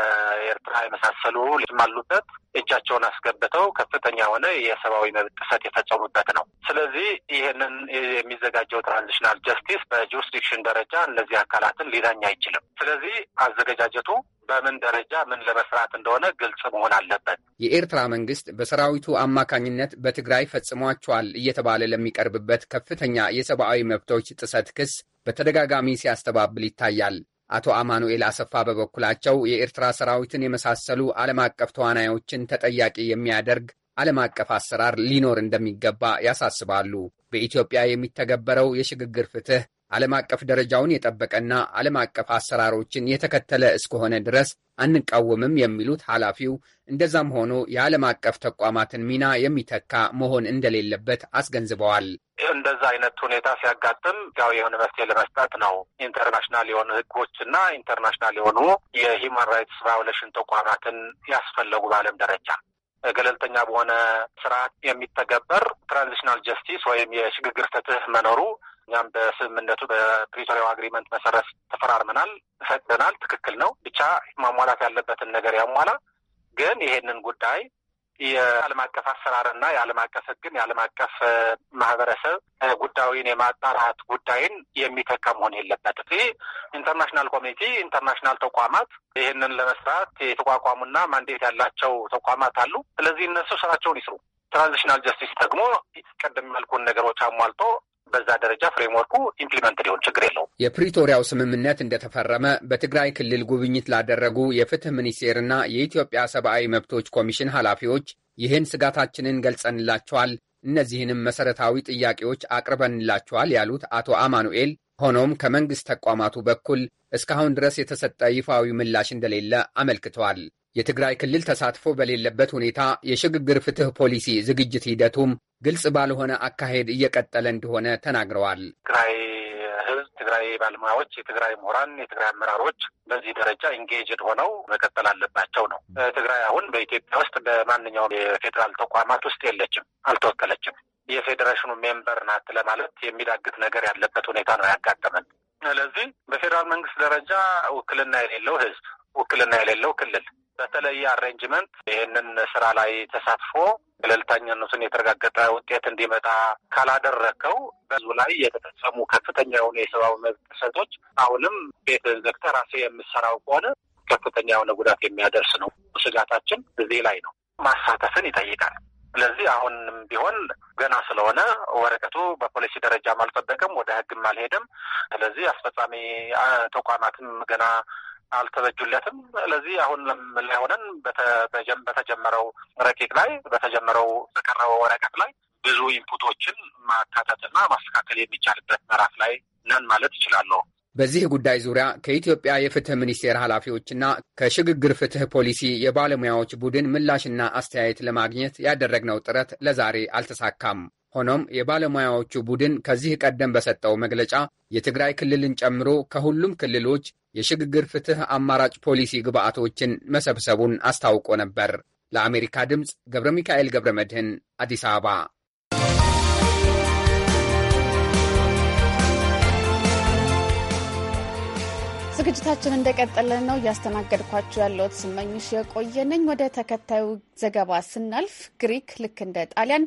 ኤርትራ የመሳሰሉ አሉበት እጃቸውን አስገብተው ከፍተኛ የሆነ የሰብአዊ መብት ጥሰት የፈጸሙበት ነው። ስለዚህ ይህንን የሚዘጋጀው ትራንዚሽናል ጀስቲስ በጁሪስዲክሽን ደረጃ እነዚህ አካላትን ሊዳኝ አይችልም። ስለዚህ አዘገጃጀቱ በምን ደረጃ ምን ለመስራት እንደሆነ ግልጽ መሆን አለበት። የኤርትራ መንግስት በሰራዊቱ አማካኝነት በትግራይ ፈጽሟቸዋል እየተባለ ለሚቀርብበት ከፍተኛ የሰብአዊ መብቶች ጥሰት ክስ በተደጋጋሚ ሲያስተባብል ይታያል። አቶ አማኑኤል አሰፋ በበኩላቸው የኤርትራ ሰራዊትን የመሳሰሉ ዓለም አቀፍ ተዋናዮችን ተጠያቂ የሚያደርግ ዓለም አቀፍ አሰራር ሊኖር እንደሚገባ ያሳስባሉ። በኢትዮጵያ የሚተገበረው የሽግግር ፍትህ ዓለም አቀፍ ደረጃውን የጠበቀና ዓለም አቀፍ አሰራሮችን የተከተለ እስከሆነ ድረስ አንቃወምም የሚሉት ኃላፊው፣ እንደዛም ሆኖ የዓለም አቀፍ ተቋማትን ሚና የሚተካ መሆን እንደሌለበት አስገንዝበዋል። እንደዛ አይነት ሁኔታ ሲያጋጥም ሕጋዊ የሆነ መፍትሄ ለመስጠት ነው ኢንተርናሽናል የሆኑ ህጎች እና ኢንተርናሽናል የሆኑ የሂማን ራይትስ ቫዮሌሽን ተቋማትን ያስፈለጉ በዓለም ደረጃ ገለልተኛ በሆነ ስርዓት የሚተገበር ትራንዚሽናል ጀስቲስ ወይም የሽግግር ፍትህ መኖሩ እኛም በስምምነቱ በፕሪቶሪያው አግሪመንት መሰረት ተፈራርመናል፣ ፈቅደናል። ትክክል ነው። ብቻ ማሟላት ያለበትን ነገር ያሟላ። ግን ይሄንን ጉዳይ የዓለም አቀፍ አሰራርና የዓለም አቀፍ ሕግን የዓለም አቀፍ ማህበረሰብ ጉዳዩን የማጣራት ጉዳይን የሚተካ መሆን የለበትም። ይህ ኢንተርናሽናል ኮሚቲ ኢንተርናሽናል ተቋማት ይህንን ለመስራት የተቋቋሙና ማንዴት ያላቸው ተቋማት አሉ። ስለዚህ እነሱ ስራቸውን ይስሩ። ትራንዚሽናል ጀስቲስ ደግሞ ቀደም ያልኩን ነገሮች አሟልቶ በዛ ደረጃ ፍሬምወርኩ ኢምፕሊመንት ሊሆን ችግር የለውም። የፕሪቶሪያው ስምምነት እንደተፈረመ በትግራይ ክልል ጉብኝት ላደረጉ የፍትህ ሚኒስቴርና የኢትዮጵያ ሰብአዊ መብቶች ኮሚሽን ኃላፊዎች ይህን ስጋታችንን ገልጸንላቸዋል፣ እነዚህንም መሰረታዊ ጥያቄዎች አቅርበንላቸዋል ያሉት አቶ አማኑኤል ሆኖም ከመንግሥት ተቋማቱ በኩል እስካሁን ድረስ የተሰጠ ይፋዊ ምላሽ እንደሌለ አመልክተዋል። የትግራይ ክልል ተሳትፎ በሌለበት ሁኔታ የሽግግር ፍትህ ፖሊሲ ዝግጅት ሂደቱም ግልጽ ባልሆነ አካሄድ እየቀጠለ እንደሆነ ተናግረዋል። ትግራይ ህዝብ፣ ትግራይ ባለሙያዎች፣ የትግራይ ምሁራን፣ የትግራይ አመራሮች በዚህ ደረጃ ኢንጌጅድ ሆነው መቀጠል አለባቸው ነው። ትግራይ አሁን በኢትዮጵያ ውስጥ በማንኛውም የፌዴራል ተቋማት ውስጥ የለችም፣ አልተወከለችም። የፌዴሬሽኑ ሜምበር ናት ለማለት የሚዳግት ነገር ያለበት ሁኔታ ነው ያጋጠመን። ስለዚህ በፌዴራል መንግስት ደረጃ ውክልና የሌለው ህዝብ፣ ውክልና የሌለው ክልል በተለየ አሬንጅመንት ይህንን ስራ ላይ ተሳትፎ ገለልተኛነቱን የተረጋገጠ ውጤት እንዲመጣ ካላደረከው በዙ ላይ የተፈጸሙ ከፍተኛ የሆኑ የሰብአዊ መብት ጥሰቶች አሁንም ቤት ዘግተህ ራስህ የምሰራው ከሆነ ከፍተኛ የሆነ ጉዳት የሚያደርስ ነው። ስጋታችን እዚህ ላይ ነው። ማሳተፍን ይጠይቃል። ስለዚህ አሁንም ቢሆን ገና ስለሆነ ወረቀቱ በፖሊሲ ደረጃም አልጸደቀም፣ ወደ ህግም አልሄደም። ስለዚህ አስፈጻሚ ተቋማትም ገና አልተበጁለትም። ስለዚህ አሁን ላይ ሆነን በተጀመረው ረቂቅ ላይ በተጀመረው በቀረበው ወረቀት ላይ ብዙ ኢንፑቶችን ማካተትና ማስተካከል የሚቻልበት ምዕራፍ ላይ ነን ማለት እችላለሁ። በዚህ ጉዳይ ዙሪያ ከኢትዮጵያ የፍትህ ሚኒስቴር ኃላፊዎችና ከሽግግር ፍትህ ፖሊሲ የባለሙያዎች ቡድን ምላሽና አስተያየት ለማግኘት ያደረግነው ጥረት ለዛሬ አልተሳካም። ሆኖም የባለሙያዎቹ ቡድን ከዚህ ቀደም በሰጠው መግለጫ የትግራይ ክልልን ጨምሮ ከሁሉም ክልሎች የሽግግር ፍትህ አማራጭ ፖሊሲ ግብዓቶችን መሰብሰቡን አስታውቆ ነበር። ለአሜሪካ ድምፅ ገብረ ሚካኤል ገብረ መድህን አዲስ አበባ። ዝግጅታችን እንደቀጠለ ነው። እያስተናገድኳችሁ ያለሁት ስመኝሽ የቆየነኝ። ወደ ተከታዩ ዘገባ ስናልፍ ግሪክ ልክ እንደ ጣሊያን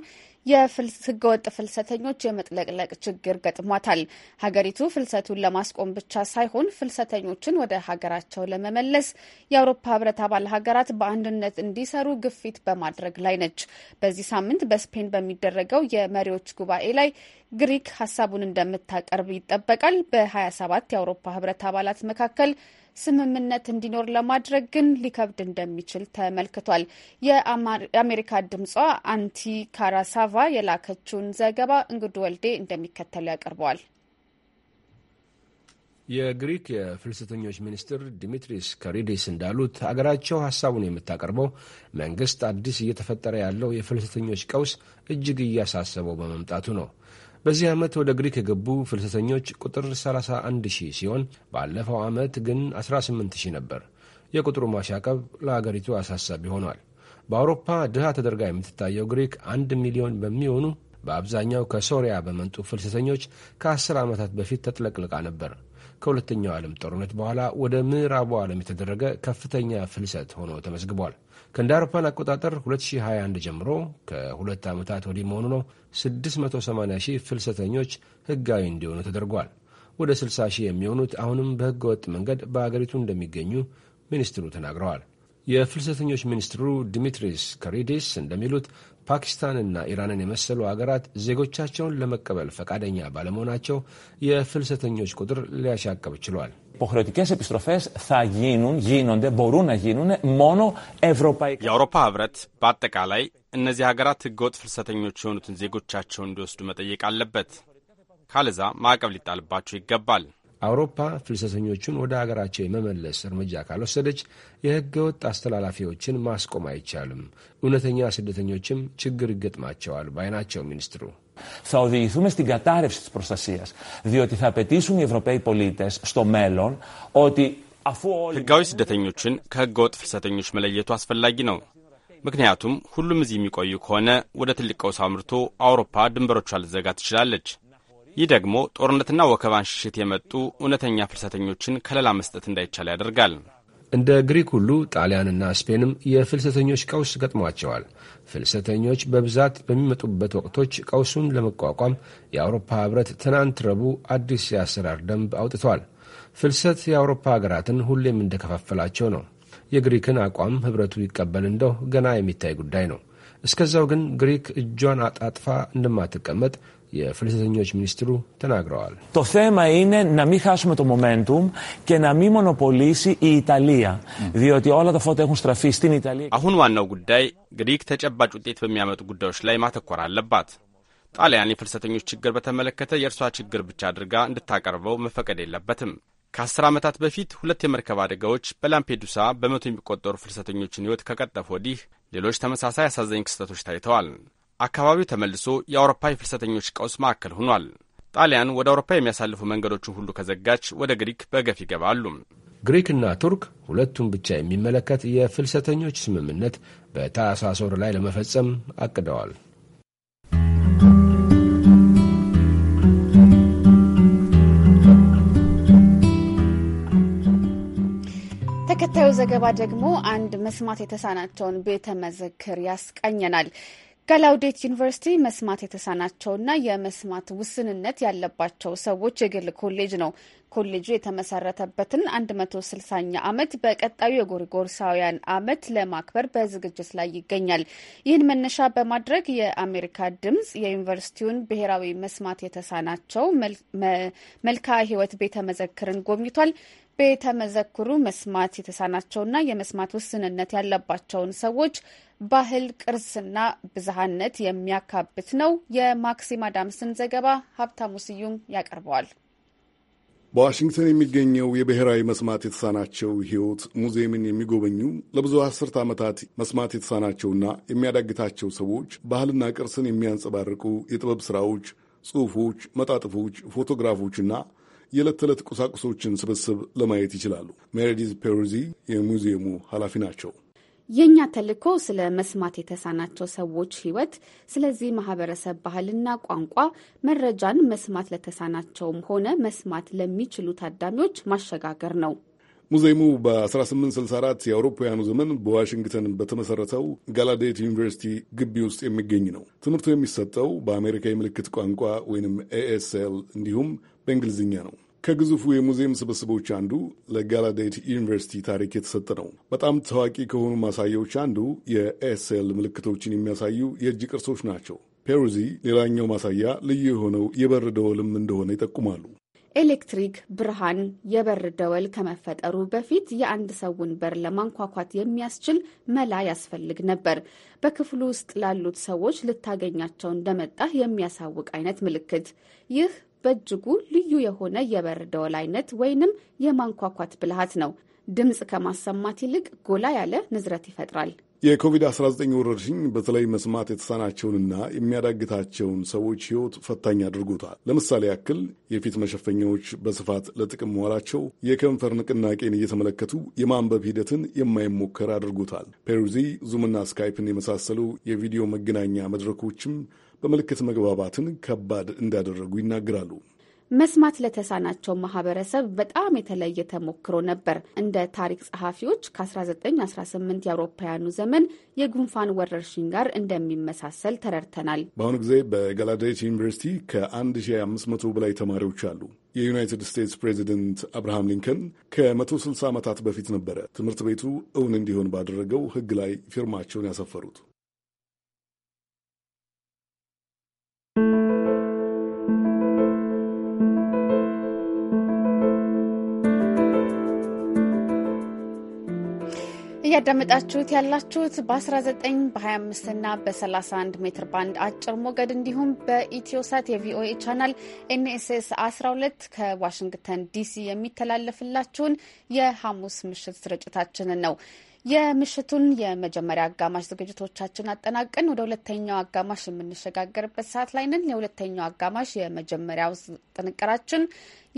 የህገወጥ ፍልሰተኞች የመጥለቅለቅ ችግር ገጥሟታል። ሀገሪቱ ፍልሰቱን ለማስቆም ብቻ ሳይሆን ፍልሰተኞችን ወደ ሀገራቸው ለመመለስ የአውሮፓ ህብረት አባል ሀገራት በአንድነት እንዲሰሩ ግፊት በማድረግ ላይ ነች። በዚህ ሳምንት በስፔን በሚደረገው የመሪዎች ጉባኤ ላይ ግሪክ ሀሳቡን እንደምታቀርብ ይጠበቃል። በ27 የአውሮፓ ህብረት አባላት መካከል ስምምነት እንዲኖር ለማድረግ ግን ሊከብድ እንደሚችል ተመልክቷል። የአሜሪካ ድምጿ አንቲ ካራሳቫ የላከችውን ዘገባ እንግዱ ወልዴ እንደሚከተሉ ያቀርበዋል። የግሪክ የፍልሰተኞች ሚኒስትር ዲሚትሪስ ከሪዲስ እንዳሉት አገራቸው ሀሳቡን የምታቀርበው መንግስት አዲስ እየተፈጠረ ያለው የፍልሰተኞች ቀውስ እጅግ እያሳሰበው በመምጣቱ ነው። በዚህ ዓመት ወደ ግሪክ የገቡ ፍልሰተኞች ቁጥር 31 ሺህ ሲሆን ባለፈው ዓመት ግን 18 ሺህ ነበር። የቁጥሩ ማሻቀብ ለአገሪቱ አሳሳቢ ሆኗል። በአውሮፓ ድሃ ተደርጋ የምትታየው ግሪክ አንድ ሚሊዮን በሚሆኑ በአብዛኛው ከሶሪያ በመንጡ ፍልሰተኞች ከአስር ዓመታት በፊት ተጥለቅልቃ ነበር። ከሁለተኛው ዓለም ጦርነት በኋላ ወደ ምዕራቡ ዓለም የተደረገ ከፍተኛ ፍልሰት ሆኖ ተመዝግቧል። ከእንደ አውሮፓን አቆጣጠር 2021 ጀምሮ ከሁለት ዓመታት ወዲህ መሆኑ ነው 680 ሺህ ፍልሰተኞች ህጋዊ እንዲሆኑ ተደርጓል። ወደ 60 ሺህ የሚሆኑት አሁንም በህገ ወጥ መንገድ በአገሪቱ እንደሚገኙ ሚኒስትሩ ተናግረዋል። የፍልሰተኞች ሚኒስትሩ ዲሚትሪስ ከሪዲስ እንደሚሉት ፓኪስታንና ኢራንን የመሰሉ አገራት ዜጎቻቸውን ለመቀበል ፈቃደኛ ባለመሆናቸው የፍልሰተኞች ቁጥር ሊያሻቀብ ችሏል። υποχρεωτικέ επιστροφέ θα γίνουν, γίνονται, μπορούν να γίνουν μόνο ευρωπαϊκά. የአውሮፓ ህብረት በአጠቃላይ ላይ እነዚህ ሀገራት ህገወጥ ፍልሰተኞች የሆኑትን ዜጎቻቸው እንዲወስዱ መጠየቅ አለበት። ካለዛ ማዕቀብ ሊጣልባቸው ይገባል። አውሮፓ ፍልሰተኞቹን ወደ አገራቸው የመመለስ እርምጃ ካልወሰደች የህገወጥ አስተላላፊዎችን ማስቆም አይቻልም። እውነተኛ ስደተኞችም ችግር ይገጥማቸዋል ባይ ናቸው ሚኒስትሩ። θα οδηγηθούμε στην κατάρρευση της προστασίας. Διότι θα απαιτήσουν οι Ευρωπαίοι πολίτες στο μέλλον ότι αφού όλοι. ሕጋዊ ስደተኞችን ከህገወጥ ፍልሰተኞች መለየቱ አስፈላጊ ምክንያቱም ሁሉም እዚህ የሚቆዩ ከሆነ ወደ ትልቅ ቀውስ አምርቶ አውሮፓ ድንበሮቿ ልዘጋ ትችላለች። ይህ ደግሞ ጦርነትና ወከባን ሽሽት የመጡ እውነተኛ ፍልሰተኞችን ከለላ መስጠት እንዳይቻል ያደርጋል። እንደ ግሪክ ሁሉ ጣሊያንና ስፔንም የፍልሰተኞች ቀውስ ገጥሟቸዋል። ፍልሰተኞች በብዛት በሚመጡበት ወቅቶች ቀውሱን ለመቋቋም የአውሮፓ ህብረት ትናንት ረቡዕ አዲስ የአሰራር ደንብ አውጥቷል። ፍልሰት የአውሮፓ ሀገራትን ሁሌም እንደከፋፈላቸው ነው። የግሪክን አቋም ህብረቱ ይቀበል እንደው ገና የሚታይ ጉዳይ ነው። እስከዛው ግን ግሪክ እጇን አጣጥፋ እንደማትቀመጥ የፍልሰተኞች ሚኒስትሩ ተናግረዋል። Το θέμα είναι να μην χάσουμε το momentum και να μην μονοπολίσει η Ιταλία, διότι όλα τα φώτα έχουν στραφεί στην Ιταλία. አሁን ዋናው ጉዳይ ግሪክ ተጨባጭ ውጤት በሚያመጡ ጉዳዮች ላይ ማተኮር አለባት። ጣሊያን የፍልሰተኞች ችግር በተመለከተ የእርሷ ችግር ብቻ አድርጋ እንድታቀርበው መፈቀድ የለበትም። ከአስር ዓመታት በፊት ሁለት የመርከብ አደጋዎች በላምፔዱሳ በመቶ የሚቆጠሩ ፍልሰተኞችን ሕይወት ከቀጠፉ ወዲህ ሌሎች ተመሳሳይ አሳዛኝ ክስተቶች ታይተዋል። አካባቢው ተመልሶ የአውሮፓ የፍልሰተኞች ቀውስ ማዕከል ሆኗል። ጣሊያን ወደ አውሮፓ የሚያሳልፉ መንገዶችን ሁሉ ከዘጋች ወደ ግሪክ በገፍ ይገባሉ። ግሪክና ቱርክ ሁለቱን ብቻ የሚመለከት የፍልሰተኞች ስምምነት በታህሳስ ወር ላይ ለመፈጸም አቅደዋል። ተከታዩ ዘገባ ደግሞ አንድ መስማት የተሳናቸውን ቤተ መዘክር ያስቃኘናል። ከላውዴት ዩኒቨርሲቲ መስማት የተሳናቸውና የመስማት ውስንነት ያለባቸው ሰዎች የግል ኮሌጅ ነው። ኮሌጁ የተመሰረተበትን 160ኛ ዓመት በቀጣዩ የጎርጎርሳውያን ዓመት ለማክበር በዝግጅት ላይ ይገኛል። ይህን መነሻ በማድረግ የአሜሪካ ድምጽ የዩኒቨርሲቲውን ብሔራዊ መስማት የተሳናቸው መልካ ሕይወት ቤተ መዘክርን ጎብኝቷል። ቤተ መዘክሩ መስማት የተሳናቸውና የመስማት ውስንነት ያለባቸውን ሰዎች ባህል፣ ቅርስና ብዝሃነት የሚያካብት ነው። የማክሲም አዳምስን ዘገባ ሀብታሙ ስዩም ያቀርበዋል። በዋሽንግተን የሚገኘው የብሔራዊ መስማት የተሳናቸው ሕይወት ሙዚየምን የሚጎበኙ ለብዙ አስርት ዓመታት መስማት የተሳናቸውና የሚያዳግታቸው ሰዎች ባህልና ቅርስን የሚያንጸባርቁ የጥበብ ሥራዎች፣ ጽሑፎች፣ መጣጥፎች፣ ፎቶግራፎችና የዕለት ተዕለት ቁሳቁሶችን ስብስብ ለማየት ይችላሉ። ሜሬዲዝ ፔሩዚ የሙዚየሙ ኃላፊ ናቸው። የእኛ ተልእኮ ስለ መስማት የተሳናቸው ሰዎች ህይወት ስለዚህ ማህበረሰብ ባህልና ቋንቋ መረጃን መስማት ለተሳናቸውም ሆነ መስማት ለሚችሉ ታዳሚዎች ማሸጋገር ነው። ሙዚየሙ በ1864 የአውሮፓውያኑ ዘመን በዋሽንግተን በተመሠረተው ጋላዴት ዩኒቨርሲቲ ግቢ ውስጥ የሚገኝ ነው። ትምህርቱ የሚሰጠው በአሜሪካ የምልክት ቋንቋ ወይም ኤኤስኤል እንዲሁም በእንግሊዝኛ ነው። ከግዙፉ የሙዚየም ስብስቦች አንዱ ለጋላዴት ዩኒቨርሲቲ ታሪክ የተሰጠ ነው። በጣም ታዋቂ ከሆኑ ማሳያዎች አንዱ የኤስኤል ምልክቶችን የሚያሳዩ የእጅ ቅርሶች ናቸው። ፔሩዚ ሌላኛው ማሳያ ልዩ የሆነው የበር ደወልም እንደሆነ ይጠቁማሉ። ኤሌክትሪክ ብርሃን የበር ደወል ከመፈጠሩ በፊት የአንድ ሰውን በር ለማንኳኳት የሚያስችል መላ ያስፈልግ ነበር። በክፍሉ ውስጥ ላሉት ሰዎች ልታገኛቸው እንደመጣህ የሚያሳውቅ አይነት ምልክት። ይህ በእጅጉ ልዩ የሆነ የበር ደወል አይነት ወይንም የማንኳኳት ብልሃት ነው። ድምፅ ከማሰማት ይልቅ ጎላ ያለ ንዝረት ይፈጥራል። የኮቪድ-19 ወረርሽኝ በተለይ መስማት የተሳናቸውንና የሚያዳግታቸውን ሰዎች ሕይወት ፈታኝ አድርጎታል። ለምሳሌ ያክል የፊት መሸፈኛዎች በስፋት ለጥቅም መዋላቸው የከንፈር ንቅናቄን እየተመለከቱ የማንበብ ሂደትን የማይሞከር አድርጎታል። ፔሩዚ፣ ዙምና ስካይፕን የመሳሰሉ የቪዲዮ መገናኛ መድረኮችም በምልክት መግባባትን ከባድ እንዳደረጉ ይናገራሉ። መስማት ለተሳናቸው ማህበረሰብ በጣም የተለየ ተሞክሮ ነበር። እንደ ታሪክ ጸሐፊዎች ከ1918 የአውሮፓውያኑ ዘመን የጉንፋን ወረርሽኝ ጋር እንደሚመሳሰል ተረድተናል። በአሁኑ ጊዜ በጋላዴች ዩኒቨርሲቲ ከ1500 በላይ ተማሪዎች አሉ። የዩናይትድ ስቴትስ ፕሬዚደንት አብርሃም ሊንከን ከ160 ዓመታት በፊት ነበረ ትምህርት ቤቱ እውን እንዲሆን ባደረገው ሕግ ላይ ፊርማቸውን ያሰፈሩት። እያዳመጣችሁት ያላችሁት በ19 በ25 እና በ31 ሜትር ባንድ አጭር ሞገድ እንዲሁም በኢትዮሳት የቪኦኤ ቻናል ኤንኤስኤስ 12 ከዋሽንግተን ዲሲ የሚተላለፍላችሁን የሐሙስ ምሽት ስርጭታችንን ነው። የምሽቱን የመጀመሪያ አጋማሽ ዝግጅቶቻችን አጠናቀን ወደ ሁለተኛው አጋማሽ የምንሸጋገርበት ሰዓት ላይ ነን። የሁለተኛው አጋማሽ የመጀመሪያው ጥንቅራችን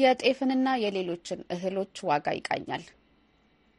የጤፍንና የሌሎችን እህሎች ዋጋ ይቃኛል።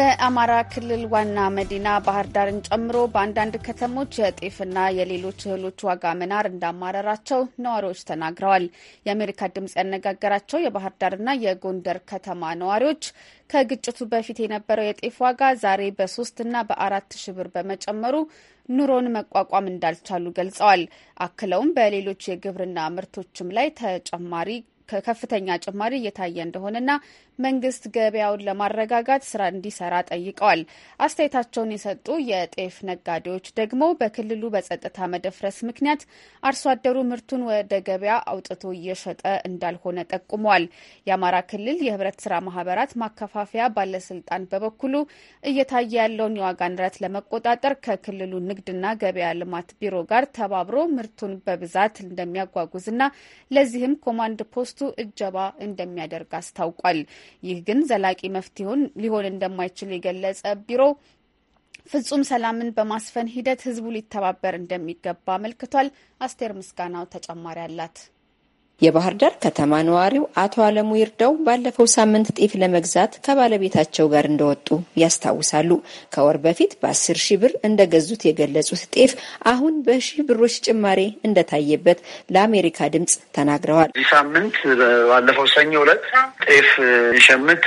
በአማራ ክልል ዋና መዲና ባህር ዳርን ጨምሮ በአንዳንድ ከተሞች የጤፍና የሌሎች እህሎች ዋጋ መናር እንዳማረራቸው ነዋሪዎች ተናግረዋል። የአሜሪካ ድምጽ ያነጋገራቸው የባህር ዳርና የጎንደር ከተማ ነዋሪዎች ከግጭቱ በፊት የነበረው የጤፍ ዋጋ ዛሬ በሶስትና በአራት ሺ ብር በመጨመሩ ኑሮን መቋቋም እንዳልቻሉ ገልጸዋል። አክለውም በሌሎች የግብርና ምርቶችም ላይ ተጨማሪ ከከፍተኛ ጭማሪ እየታየ እንደሆነና መንግስት ገበያውን ለማረጋጋት ስራ እንዲሰራ ጠይቀዋል። አስተያየታቸውን የሰጡ የጤፍ ነጋዴዎች ደግሞ በክልሉ በጸጥታ መደፍረስ ምክንያት አርሶ አደሩ ምርቱን ወደ ገበያ አውጥቶ እየሸጠ እንዳልሆነ ጠቁመዋል። የአማራ ክልል የህብረት ስራ ማህበራት ማከፋፈያ ባለስልጣን በበኩሉ እየታየ ያለውን የዋጋ ንረት ለመቆጣጠር ከክልሉ ንግድና ገበያ ልማት ቢሮ ጋር ተባብሮ ምርቱን በብዛት እንደሚያጓጉዝና ለዚህም ኮማንድ ፖስቱ እጀባ እንደሚያደርግ አስታውቋል። ይህ ግን ዘላቂ መፍትሄውን ሊሆን እንደማይችል የገለጸ ቢሮ ፍጹም ሰላምን በማስፈን ሂደት ህዝቡ ሊተባበር እንደሚገባ አመልክቷል። አስቴር ምስጋናው ተጨማሪ አላት። የባህር ዳር ከተማ ነዋሪው አቶ አለሙ ይርዳው ባለፈው ሳምንት ጤፍ ለመግዛት ከባለቤታቸው ጋር እንደወጡ ያስታውሳሉ። ከወር በፊት በአስር ሺህ ብር እንደገዙት የገለጹት ጤፍ አሁን በሺህ ብሮች ጭማሬ እንደታየበት ለአሜሪካ ድምጽ ተናግረዋል። እዚህ ሳምንት ባለፈው ሰኞ ዕለት ጤፍ ሸምት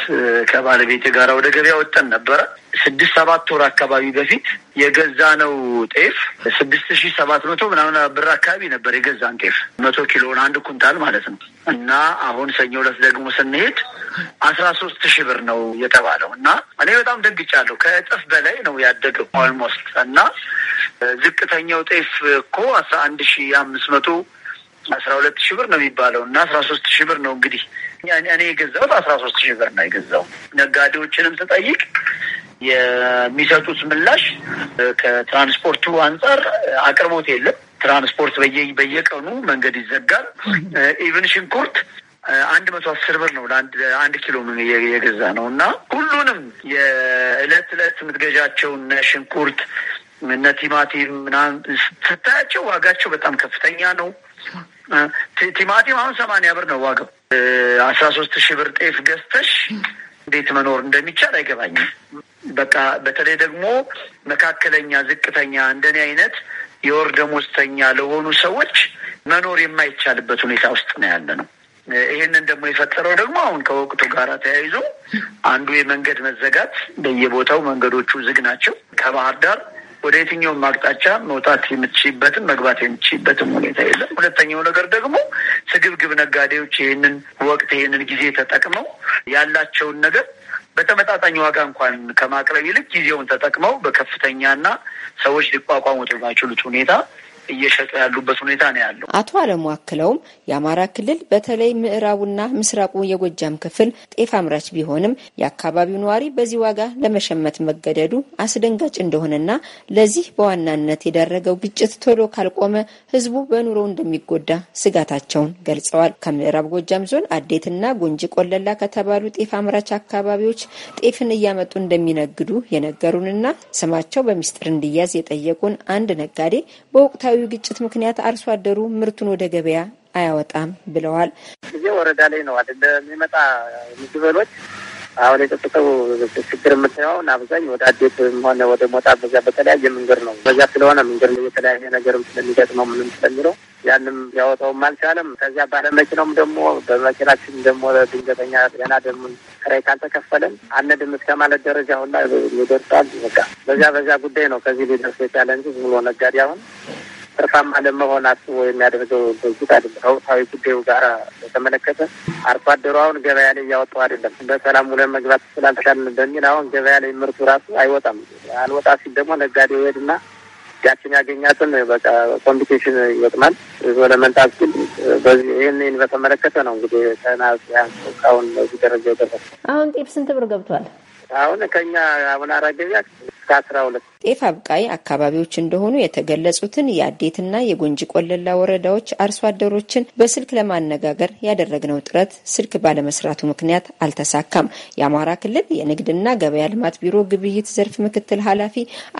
ከባለቤት ጋር ወደ ገበያ ወጠን ነበረ ስድስት ሰባት ወር አካባቢ በፊት የገዛ ነው ጤፍ ስድስት ሺ ሰባት መቶ ምናምን ብር አካባቢ ነበር የገዛን ጤፍ መቶ ኪሎን አንድ ኩንታል ማለት ነው። እና አሁን ሰኞ ዕለት ደግሞ ስንሄድ አስራ ሶስት ሺ ብር ነው የተባለው እና እኔ በጣም ደንግጫለሁ። ከእጥፍ በላይ ነው ያደገው ኦልሞስት እና ዝቅተኛው ጤፍ እኮ አስራ አንድ ሺ አምስት መቶ አስራ ሁለት ሺህ ብር ነው የሚባለው እና አስራ ሶስት ሺህ ብር ነው እንግዲህ እኔ የገዛሁት አስራ ሶስት ሺህ ብር ነው የገዛው። ነጋዴዎችንም ስጠይቅ የሚሰጡት ምላሽ ከትራንስፖርቱ አንጻር አቅርቦት የለም። ትራንስፖርት በየቀኑ መንገድ ይዘጋል። ኢቨን ሽንኩርት አንድ መቶ አስር ብር ነው ለአንድ አንድ ኪሎ የገዛ ነው እና ሁሉንም የእለት እለት የምትገዣቸውን ሽንኩርት እነ ቲማቲም ምናምን ስታያቸው ዋጋቸው በጣም ከፍተኛ ነው። ቲማቲም አሁን ሰማንያ ብር ነው ዋጋው። አስራ ሶስት ሺህ ብር ጤፍ ገዝተሽ እንዴት መኖር እንደሚቻል አይገባኝም። በቃ በተለይ ደግሞ መካከለኛ፣ ዝቅተኛ እንደኔ አይነት የወር ደሞዝተኛ ለሆኑ ሰዎች መኖር የማይቻልበት ሁኔታ ውስጥ ነው ያለ ነው። ይህንን ደግሞ የፈጠረው ደግሞ አሁን ከወቅቱ ጋር ተያይዞ አንዱ የመንገድ መዘጋት፣ በየቦታው መንገዶቹ ዝግ ናቸው። ከባህር ዳር ወደ የትኛውም አቅጣጫ መውጣት የምትችይበትም መግባት የምትችይበትም ሁኔታ የለም። ሁለተኛው ነገር ደግሞ ስግብግብ ነጋዴዎች ይህንን ወቅት ይህንን ጊዜ ተጠቅመው ያላቸውን ነገር በተመጣጣኝ ዋጋ እንኳን ከማቅረብ ይልቅ ጊዜውን ተጠቅመው በከፍተኛና ሰዎች ሊቋቋሙት በማይችሉት ሁኔታ እየሸጠ ያሉበት ሁኔታ ነው ያለው። አቶ አለሙ አክለውም የአማራ ክልል በተለይ ምዕራቡና ምስራቁ የጎጃም ክፍል ጤፍ አምራች ቢሆንም የአካባቢው ነዋሪ በዚህ ዋጋ ለመሸመት መገደዱ አስደንጋጭ እንደሆነና ለዚህ በዋናነት የዳረገው ግጭት ቶሎ ካልቆመ ህዝቡ በኑሮው እንደሚጎዳ ስጋታቸውን ገልጸዋል። ከምዕራብ ጎጃም ዞን አዴትና ጎንጂ ቆለላ ከተባሉ ጤፍ አምራች አካባቢዎች ጤፍን እያመጡ እንደሚነግዱ የነገሩንና ስማቸው በሚስጥር እንዲያዝ የጠየቁን አንድ ነጋዴ በወቅታ በወቅታዊ ግጭት ምክንያት አርሶ አደሩ ምርቱን ወደ ገበያ አያወጣም ብለዋል። ጊዜ ወረዳ ላይ ነው አይደለ የሚመጣ ምግበሎች አሁን የጸጥታው ችግር የምታየው እና አብዛኛው ወደ አዴት ሆነ ወደ ሞጣ በዛ በተለያየ መንገድ ነው። በዛ ስለሆነ መንገድ ላይ የተለያየ ነገርም ስለሚገጥመው ምንም ስለሚለው ያንም ያወጣውም አልቻለም። ከዚያ ባለመኪናውም ደግሞ በመኪናችን ደግሞ ድንገተኛ ገና ደግሞ ክራይ ካልተከፈለን አንድም እስከ ማለት ደረጃ ሁላ ይደርሳል። በቃ በዛ በዛ ጉዳይ ነው ከዚህ ሊደርስ የቻለ እንጂ ዝም ብሎ ነጋዴ አሁን ትርፋማ ለመሆን አስቦ የሚያደርገው በዙት አይደለም። ከወቅታዊ ጉዳዩ ጋር በተመለከተ አርሶ አደሩ አሁን ገበያ ላይ እያወጣው አይደለም። በሰላም ውለን መግባት ስላልተቻለ በሚል አሁን ገበያ ላይ ምርቱ ራሱ አይወጣም። አልወጣ ሲል ደግሞ ነጋዴ ይሄድና ያችን ያገኛትን በቃ ኮምፒቴሽን ይወጥማል። ለመንጣት ግን ይህን በተመለከተ ነው እንግዲህ ተናሁን በዚህ ደረጃ ይደረል። አሁን ጤፍ ስንት ብር ገብቷል? አሁን ከኛ አቡነ አራ ገቢያ እስከ አስራ ሁለት ጤፍ አብቃይ አካባቢዎች እንደሆኑ የተገለጹትን የአዴትና የጎንጂ ቆለላ ወረዳዎች አርሶ አደሮችን በስልክ ለማነጋገር ያደረግነው ጥረት ስልክ ባለመስራቱ ምክንያት አልተሳካም። የአማራ ክልል የንግድና ገበያ ልማት ቢሮ ግብይት ዘርፍ ምክትል ኃላፊ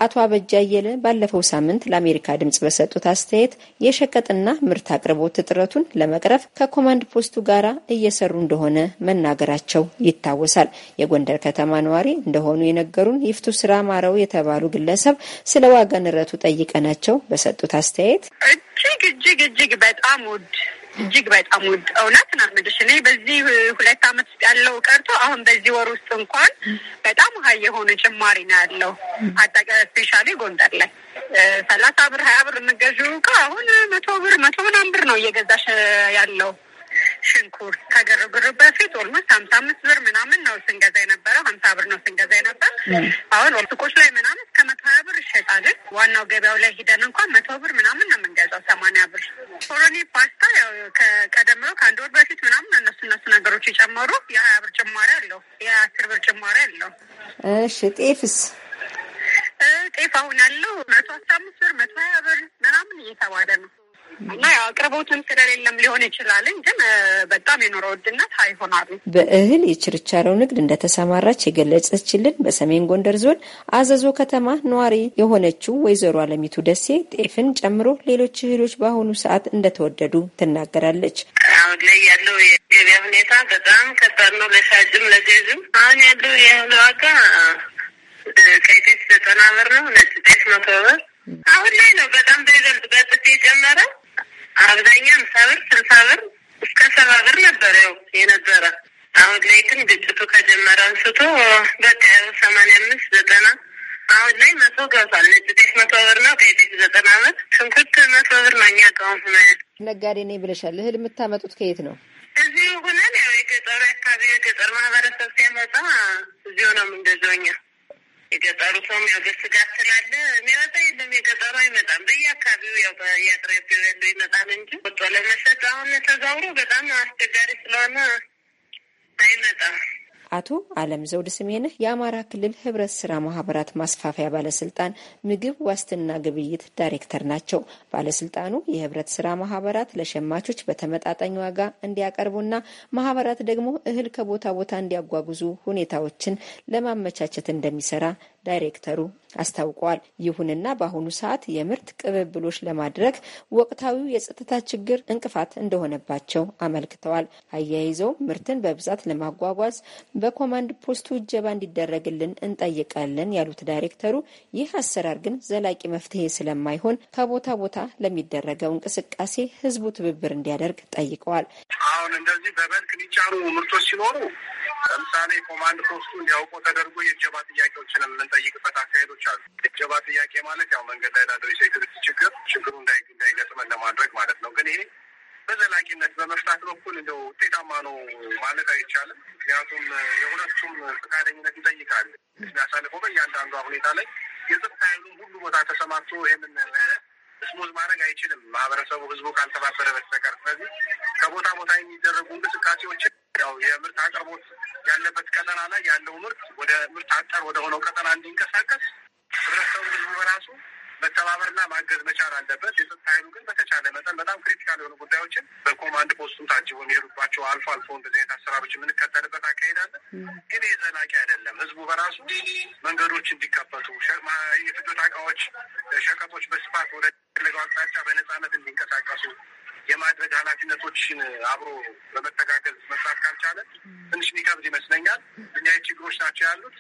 አቶ አበጃ አየለ ባለፈው ሳምንት ለአሜሪካ ድምጽ በሰጡት አስተያየት የሸቀጥና ምርት አቅርቦት እጥረቱን ለመቅረፍ ከኮማንድ ፖስቱ ጋር እየሰሩ እንደሆነ መናገራቸው ይታወሳል። የጎንደር ከተማ ነዋሪ እንደሆኑ የነገሩን ይፍቱ ስራ ማረው የተባሉ ግለ ግለሰብ ስለ ዋጋ ንረቱ ጠይቀናቸው በሰጡት አስተያየት እጅግ እጅግ እጅግ በጣም ውድ እጅግ በጣም ውድ እውነት ነው የምልሽ። እኔ በዚህ ሁለት ዓመት ውስጥ ያለው ቀርቶ አሁን በዚህ ወር ውስጥ እንኳን በጣም ውሀ የሆነ ጭማሪ ነው ያለው። አጠቀ ስፔሻሊ ጎንደር ላይ ሰላሳ ብር ሀያ ብር የምገዥው እቃ አሁን መቶ ብር መቶ ምናምን ብር ነው እየገዛሽ ያለው። ሽንኩርት ከግርግር በፊት ኦልሞስት ሀምሳ አምስት ብር ምናምን ነው ስንገዛ የነበረው፣ ሀምሳ ብር ነው ስንገዛ የነበር። አሁን ሱቆች ላይ ምናምን ዋናው ገበያው ላይ ሂደን እንኳን መቶ ብር ምናምን ነው የምንገዛው፣ ሰማንያ ብር ኮሮኒ ፓስታ ያው ከቀደም ብሎ ከአንድ ወር በፊት ምናምን እነሱ እነሱ ነገሮች የጨመሩ የሀያ ብር ጭማሪ አለው፣ የአስር ብር ጭማሪ አለው። እሺ ጤፍስ ጤፍ አሁን ያለው መቶ አስራ አምስት ብር መቶ ሀያ ብር ምናምን እየተባለ ነው። እና ያው አቅርቦትም ስለሌለም ሊሆን ይችላል። ግን በጣም የኑሮ ውድነት አይሆናሉ። በእህል የችርቻረው ንግድ እንደተሰማራች የገለጸችልን በሰሜን ጎንደር ዞን አዘዞ ከተማ ነዋሪ የሆነችው ወይዘሮ አለሚቱ ደሴ ጤፍን ጨምሮ ሌሎች እህሎች በአሁኑ ሰዓት እንደተወደዱ ትናገራለች። አሁን ላይ ያለው የገበያ ሁኔታ በጣም ከባድ ነው፣ ለሻጭም ለገዥም። አሁን ያለው የእህል ዋጋ ቀይ ጤፍ ዘጠና ብር ነው፣ ነጭ ጤፍ መቶ ብር። አሁን ላይ ነው በጣም በይበልጥ በጥት የጨመረ አብዛኛም ሰብር ስልሳ ብር እስከ ሰባ ብር ነበር ው የነበረ። አሁን ላይ ግን ግጭቱ ከጀመረ አንስቶ በቃ ሰማንያ አምስት ዘጠና አሁን ላይ መቶ ገብቷል። ነጭ ጤፍ መቶ ብር ነው፣ ቀይ ጤፍ ዘጠና ብር፣ ሽንኩርት መቶ ብር ነው። እኛ ቀውም ነጋዴ ነኝ ብለሻል። እህል የምታመጡት ከየት ነው? እዚሁ ሁነን ያው የገጠሩ አካባቢ የገጠር ማህበረሰብ ሲያመጣ እዚሁ ነው የምንገዛው የገጠሩ ሰውም የሀገር ስጋት ስላለ የሚወጣ የለም። የገጠሩ አይመጣም። በየአካባቢው ያው በየአቅራቢው ያለው ይመጣል እንጂ ወጦ ለመሰጥ አሁን ተዛውሮ በጣም አስቸጋሪ ስለሆነ አይመጣም። አቶ አለም ዘውድ ስሜንህ የአማራ ክልል ህብረት ስራ ማህበራት ማስፋፊያ ባለስልጣን ምግብ ዋስትና ግብይት ዳይሬክተር ናቸው። ባለስልጣኑ የህብረት ስራ ማህበራት ለሸማቾች በተመጣጣኝ ዋጋ እንዲያቀርቡና ማህበራት ደግሞ እህል ከቦታ ቦታ እንዲያጓጉዙ ሁኔታዎችን ለማመቻቸት እንደሚሰራ ዳይሬክተሩ አስታውቋል። ይሁንና በአሁኑ ሰዓት የምርት ቅብብሎች ለማድረግ ወቅታዊው የጸጥታ ችግር እንቅፋት እንደሆነባቸው አመልክተዋል። አያይዘው ምርትን በብዛት ለማጓጓዝ በኮማንድ ፖስቱ እጀባ እንዲደረግልን እንጠይቃለን ያሉት ዳይሬክተሩ ይህ አሰራር ግን ዘላቂ መፍትሄ ስለማይሆን ከቦታ ቦታ ለሚደረገው እንቅስቃሴ ህዝቡ ትብብር እንዲያደርግ ጠይቀዋል። አሁን እንደዚህ በመልክ የሚጫኑ ምርቶች ሲኖሩ ለምሳሌ ኮማንድ ፖስቱ እንዲያውቁ ተደርጎ የእጀባ ጥያቄዎችን የምንጠይቅበት አካሄዶች አሉ። የእጀባ ጥያቄ ማለት ያው መንገድ ላይ ላለው የሴክሪቲ ችግር ችግሩ እንዳይገጥመን ለማድረግ ማለት ነው። ግን ይሄ በዘላቂነት በመፍታት በኩል እንደ ውጤታማ ነው ማለት አይቻልም። ምክንያቱም የሁለቱም ፈቃደኝነት ይጠይቃል። የሚያሳልፈው በእያንዳንዷ ሁኔታ ላይ የጸጥታ ኃይሉ ሁሉ ቦታ ተሰማርቶ ይህንን ስሙዝ ማድረግ አይችልም ማህበረሰቡ ህዝቡ ካልተባበረ በስተቀር። ስለዚህ ከቦታ ቦታ የሚደረጉ እንቅስቃሴዎችን ያው የምርት አቅርቦት ያለበት ቀጠና ላይ ያለው ምርት ወደ ምርት አጠር ወደ ሆነው ቀጠና እንዲንቀሳቀስ ህብረተሰቡ ህዝቡ በራሱ መተባበርና ማገዝ መቻል አለበት። የጸጥታ ኃይሉ ግን በተቻለ መጠን በጣም ክሪቲካል የሆኑ ጉዳዮችን በኮማንድ ፖስቱም ታጅቦ የሚሄዱባቸው አልፎ አልፎ እንደዚህ አይነት አሰራሮች የምንከተልበት አካሄዳለ ግን ይህ ዘላቂ አይደለም። ህዝቡ በራሱ መንገዶች እንዲከፈቱ፣ የፍጆታ እቃዎች፣ ሸቀጦች በስፋት ወደ ፈለገው አቅጣጫ በነጻነት እንዲንቀሳቀሱ የማድረግ ኃላፊነቶችን አብሮ በመተጋገዝ መስራት ካልቻለ ትንሽ ሚከብድ ይመስለኛል። እኛ ችግሮች ናቸው ያሉት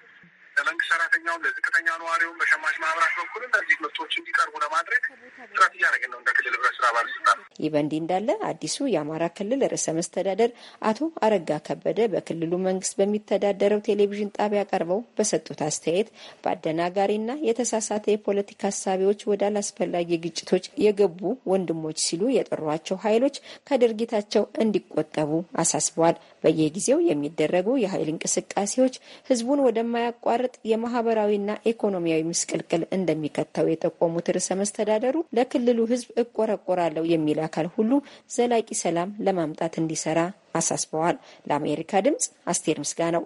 ለመንግስት ሰራተኛውም፣ ለዝቅተኛ ነዋሪውም በሸማች ማህበራት በኩል እነዚህ ምርቶች እንዲቀርቡ ለማድረግ ጥረት እያደረግን ነው እንደ ክልል ህብረት ስራ ባለስልጣን። ይህ በእንዲህ እንዳለ አዲሱ የአማራ ክልል ርዕሰ መስተዳደር አቶ አረጋ ከበደ በክልሉ መንግስት በሚተዳደረው ቴሌቪዥን ጣቢያ ቀርበው በሰጡት አስተያየት በአደናጋሪና የተሳሳተ የፖለቲካ ሀሳቢዎች ወደ አላስፈላጊ ግጭቶች የገቡ ወንድሞች ሲሉ የጠሯቸው ኃይሎች ከድርጊታቸው እንዲቆጠቡ አሳስበዋል። በየጊዜው የሚደረጉ የኃይል እንቅስቃሴዎች ህዝቡን ወደማያቋርጥ የማህበራዊና ኢኮኖሚያዊ ምስቅልቅል እንደሚከተው የጠቆሙት ርዕሰ መስተዳደሩ ለክልሉ ህዝብ እቆረቆራለሁ የሚል አካል ሁሉ ዘላቂ ሰላም ለማምጣት እንዲሰራ አሳስበዋል። ለአሜሪካ ድምጽ አስቴር ምስጋ ነው።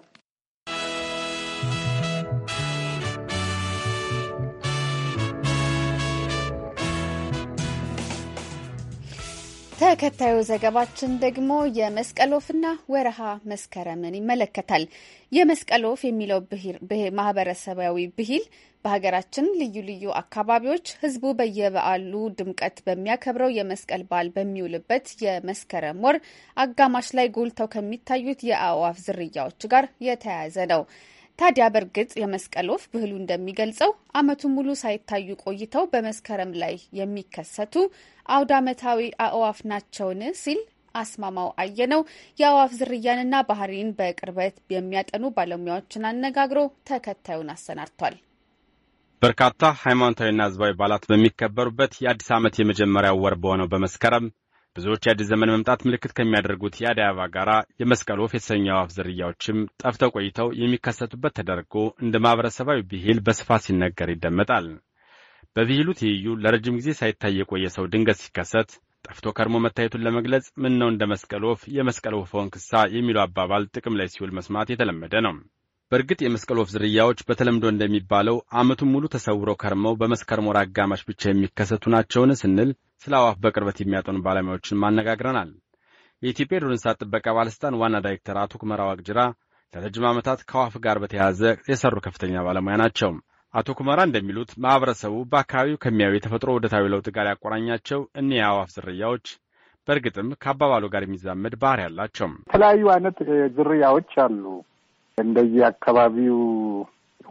ተከታዩ ዘገባችን ደግሞ የመስቀል ወፍና ወረሃ መስከረምን ይመለከታል። የመስቀል ወፍ የሚለው ማህበረሰባዊ ብሂል በሀገራችን ልዩ ልዩ አካባቢዎች ህዝቡ በየበዓሉ ድምቀት በሚያከብረው የመስቀል በዓል በሚውልበት የመስከረም ወር አጋማሽ ላይ ጎልተው ከሚታዩት የአእዋፍ ዝርያዎች ጋር የተያያዘ ነው። ታዲያ በእርግጥ የመስቀል ወፍ ብህሉ እንደሚገልጸው አመቱ ሙሉ ሳይታዩ ቆይተው በመስከረም ላይ የሚከሰቱ ዓመታዊ አእዋፍ ናቸውን ሲል አስማማው አየነው የአእዋፍ ዝርያንና ባህሪን በቅርበት የሚያጠኑ ባለሙያዎችን አነጋግሮ ተከታዩን አሰናድቷል። በርካታ ሃይማኖታዊና ህዝባዊ በዓላት በሚከበሩበት የአዲስ ዓመት የመጀመሪያው ወር በሆነው በመስከረም ብዙዎች የአዲስ ዘመን መምጣት ምልክት ከሚያደርጉት የአደይ አበባ ጋር የመስቀል ወፍ የተሰኘ አዋፍ ዝርያዎችም ጠፍተው ቆይተው የሚከሰቱበት ተደርጎ እንደ ማህበረሰባዊ ብሂል በስፋት ሲነገር ይደመጣል። በቪይሉ ትይዩ ለረጅም ጊዜ ሳይታይ የቆየ ሰው ድንገት ሲከሰት ጠፍቶ ከርሞ መታየቱን ለመግለጽ ምን ነው እንደ መስቀል ወፍ የመስቀል ወፍ ክሳ የሚለው አባባል ጥቅም ላይ ሲውል መስማት የተለመደ ነው። በእርግጥ የመስቀል ወፍ ዝርያዎች በተለምዶ እንደሚባለው ዓመቱን ሙሉ ተሰውረው ከርመው በመስከረም ወር አጋማሽ ብቻ የሚከሰቱ ናቸውን ስንል ስለ አዋፍ በቅርበት የሚያጠኑ ባለሙያዎችን ማነጋግረናል። የኢትዮጵያ የዱር እንስሳት ጥበቃ ባለሥልጣን ዋና ዳይሬክተር አቶ ኩመራ ዋቅጅራ ለረጅም ዓመታት ከአዋፍ ጋር በተያያዘ የሰሩ ከፍተኛ ባለሙያ ናቸው። አቶ ኩመራ እንደሚሉት ማህበረሰቡ በአካባቢው ከሚያዩ የተፈጥሮ ወደታዊ ለውጥ ጋር ያቆራኛቸው እኒህ የአዋፍ ዝርያዎች በእርግጥም ከአባባሉ ጋር የሚዛመድ ባህሪ ያላቸው የተለያዩ አይነት ዝርያዎች አሉ። እንደየ አካባቢው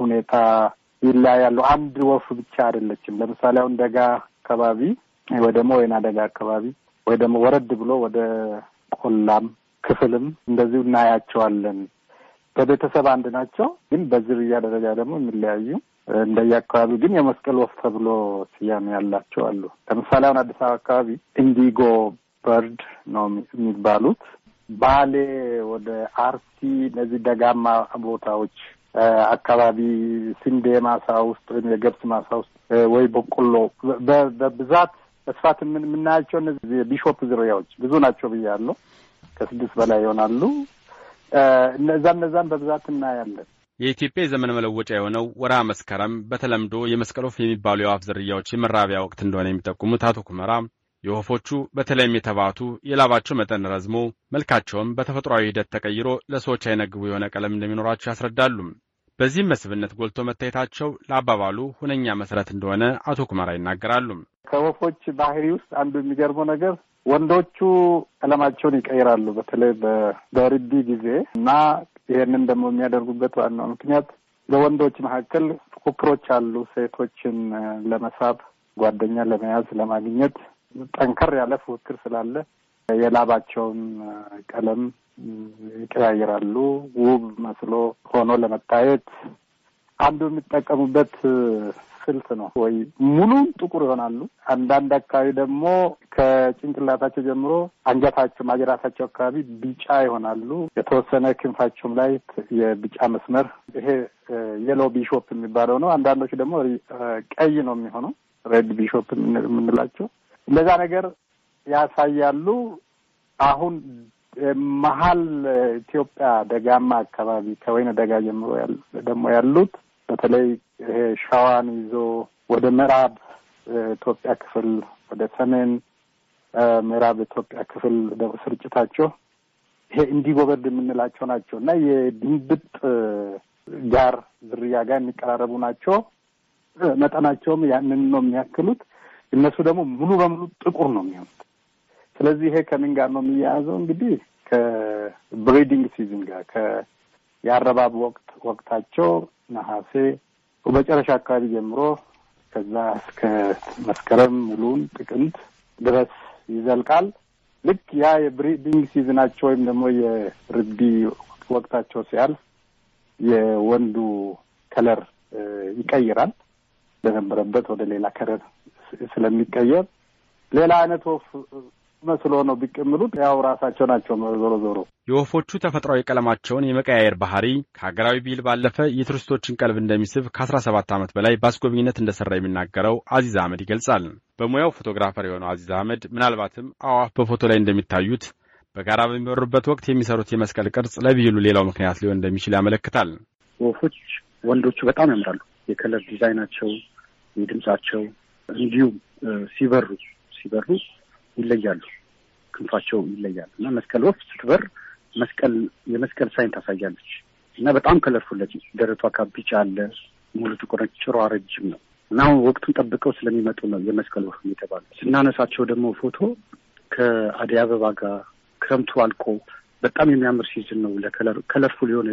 ሁኔታ ይለያያሉ። አንድ ወፍ ብቻ አይደለችም። ለምሳሌ አሁን ደጋ አካባቢ ወይ ደግሞ ወይና ደጋ አካባቢ ወይ ደግሞ ወረድ ብሎ ወደ ቆላም ክፍልም እንደዚሁ እናያቸዋለን። በቤተሰብ አንድ ናቸው፣ ግን በዝርያ ደረጃ ደግሞ የሚለያዩ እንደየአካባቢው ግን የመስቀል ወፍ ተብሎ ስያሜ ያላቸው አሉ። ለምሳሌ አሁን አዲስ አበባ አካባቢ ኢንዲጎ በርድ ነው የሚባሉት። ባሌ ወደ አርሲ እነዚህ ደጋማ ቦታዎች አካባቢ ስንዴ ማሳ ውስጥ ወይም የገብስ ማሳ ውስጥ ወይ በቆሎ በብዛት በስፋት የምናያቸው እነዚህ የቢሾፕ ዝርያዎች ብዙ ናቸው ብያለሁ። ከስድስት በላይ ይሆናሉ። እነዛ እነዛም በብዛት እናያለን። የኢትዮጵያ የዘመን መለወጫ የሆነው ወራ መስከረም በተለምዶ የመስቀል ወፍ የሚባሉ የዋፍ ዝርያዎች የመራቢያ ወቅት እንደሆነ የሚጠቁሙት አቶ ኩመራ የወፎቹ በተለይም የተባቱ የላባቸው መጠን ረዝሞ መልካቸውም በተፈጥሯዊ ሂደት ተቀይሮ ለሰዎች አይነግቡ የሆነ ቀለም እንደሚኖራቸው ያስረዳሉ። በዚህም መስህብነት ጎልቶ መታየታቸው ለአባባሉ ሁነኛ መሰረት እንደሆነ አቶ ኩመራ ይናገራሉ። ከወፎች ባህሪ ውስጥ አንዱ የሚገርመው ነገር ወንዶቹ ቀለማቸውን ይቀይራሉ በተለይ በሪቢ ጊዜ እና ይሄንን ደግሞ የሚያደርጉበት ዋናው ምክንያት በወንዶች መካከል ፉክክሮች አሉ። ሴቶችን ለመሳብ ጓደኛ ለመያዝ ለማግኘት ጠንከር ያለ ፉክክር ስላለ የላባቸውን ቀለም ይቀያይራሉ። ውብ መስሎ ሆኖ ለመታየት አንዱ የሚጠቀሙበት ስልት ነው ወይ ሙሉም ጥቁር ይሆናሉ። አንዳንድ አካባቢ ደግሞ ከጭንቅላታቸው ጀምሮ አንጃታቸው ማጅራታቸው አካባቢ ቢጫ ይሆናሉ። የተወሰነ ክንፋቸውም ላይ የቢጫ መስመር ይሄ የሎ ቢሾፕ የሚባለው ነው። አንዳንዶቹ ደግሞ ቀይ ነው የሚሆነው ሬድ ቢሾፕ የምንላቸው እንደዛ ነገር ያሳያሉ። አሁን መሀል ኢትዮጵያ ደጋማ አካባቢ ከወይነ ደጋ ጀምሮ ደግሞ ያሉት በተለይ ይሄ ሸዋን ይዞ ወደ ምዕራብ ኢትዮጵያ ክፍል ወደ ሰሜን ምዕራብ ኢትዮጵያ ክፍል ስርጭታቸው ይሄ እንዲጎበርድ የምንላቸው ናቸው እና የድንብጥ ጋር ዝርያ ጋር የሚቀራረቡ ናቸው። መጠናቸውም ያንን ነው የሚያክሉት። እነሱ ደግሞ ሙሉ በሙሉ ጥቁር ነው የሚሆኑት። ስለዚህ ይሄ ከምን ጋር ነው የሚያያዘው? እንግዲህ ከብሪዲንግ ሲዝን ጋር የአረባብ ወቅት ወቅታቸው ነሐሴ በመጨረሻ አካባቢ ጀምሮ ከዛ እስከ መስከረም ሙሉን ጥቅምት ድረስ ይዘልቃል። ልክ ያ የብሪዲንግ ሲዝናቸው ወይም ደግሞ የርቢ ወቅታቸው ሲያልፍ የወንዱ ከለር ይቀይራል። በነበረበት ወደ ሌላ ከለር ስለሚቀየር ሌላ አይነት ወፍ መስሎ ነው ቢቀምሉት ያው ራሳቸው ናቸው። ዞሮ ዞሮ የወፎቹ ተፈጥሯዊ ቀለማቸውን የመቀያየር ባህሪ ከሀገራዊ ቢል ባለፈ የቱሪስቶችን ቀልብ እንደሚስብ ከአስራ ሰባት ዓመት በላይ በአስጎብኝነት እንደሰራ የሚናገረው አዚዝ አህመድ ይገልጻል። በሙያው ፎቶግራፈር የሆነው አዚዝ አህመድ ምናልባትም አዋፍ በፎቶ ላይ እንደሚታዩት በጋራ በሚበሩበት ወቅት የሚሰሩት የመስቀል ቅርጽ ለብሂሉ ሌላው ምክንያት ሊሆን እንደሚችል ያመለክታል። ወፎች ወንዶቹ በጣም ያምራሉ። የከለር ዲዛይናቸው፣ የድምጻቸው እንዲሁም ሲበሩ ሲበሩ ይለያሉ። ክንፋቸው ይለያል እና መስቀል ወፍ ስትበር መስቀል የመስቀል ሳይን ታሳያለች እና በጣም ከለርፉለች ደረቷ ካቢጫ አለ ሙሉ ጥቁር ጭሯ ረጅም ነው እና አሁን ወቅቱን ጠብቀው ስለሚመጡ ነው የመስቀል ወፍ የተባሉ። ስናነሳቸው ደግሞ ፎቶ ከአደይ አበባ ጋር ክረምቱ አልቆ በጣም የሚያምር ሲዝን ነው። ከለርፉል የሆነ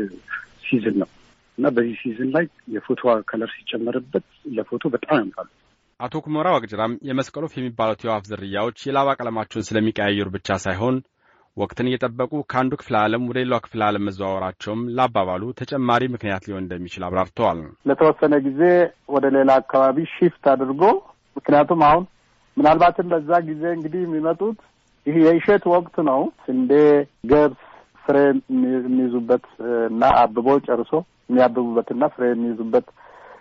ሲዝን ነው እና በዚህ ሲዝን ላይ የፎቶዋ ከለር ሲጨመርበት ለፎቶ በጣም ያምራሉ። አቶ ኩሞራ ዋቅጅራም የመስቀል ወፍ የሚባሉት የዋፍ ዝርያዎች የላባ ቀለማቸውን ስለሚቀያየሩ ብቻ ሳይሆን ወቅትን እየጠበቁ ከአንዱ ክፍለ ዓለም ወደ ሌላው ክፍለ ዓለም መዘዋወራቸውም ላባባሉ ተጨማሪ ምክንያት ሊሆን እንደሚችል አብራርተዋል። ለተወሰነ ጊዜ ወደ ሌላ አካባቢ ሺፍት አድርጎ ምክንያቱም አሁን ምናልባትም በዛ ጊዜ እንግዲህ የሚመጡት ይህ የእሸት ወቅት ነው። ስንዴ፣ ገብስ ፍሬ የሚይዙበት እና አብቦ ጨርሶ የሚያብቡበትና ፍሬ የሚይዙበት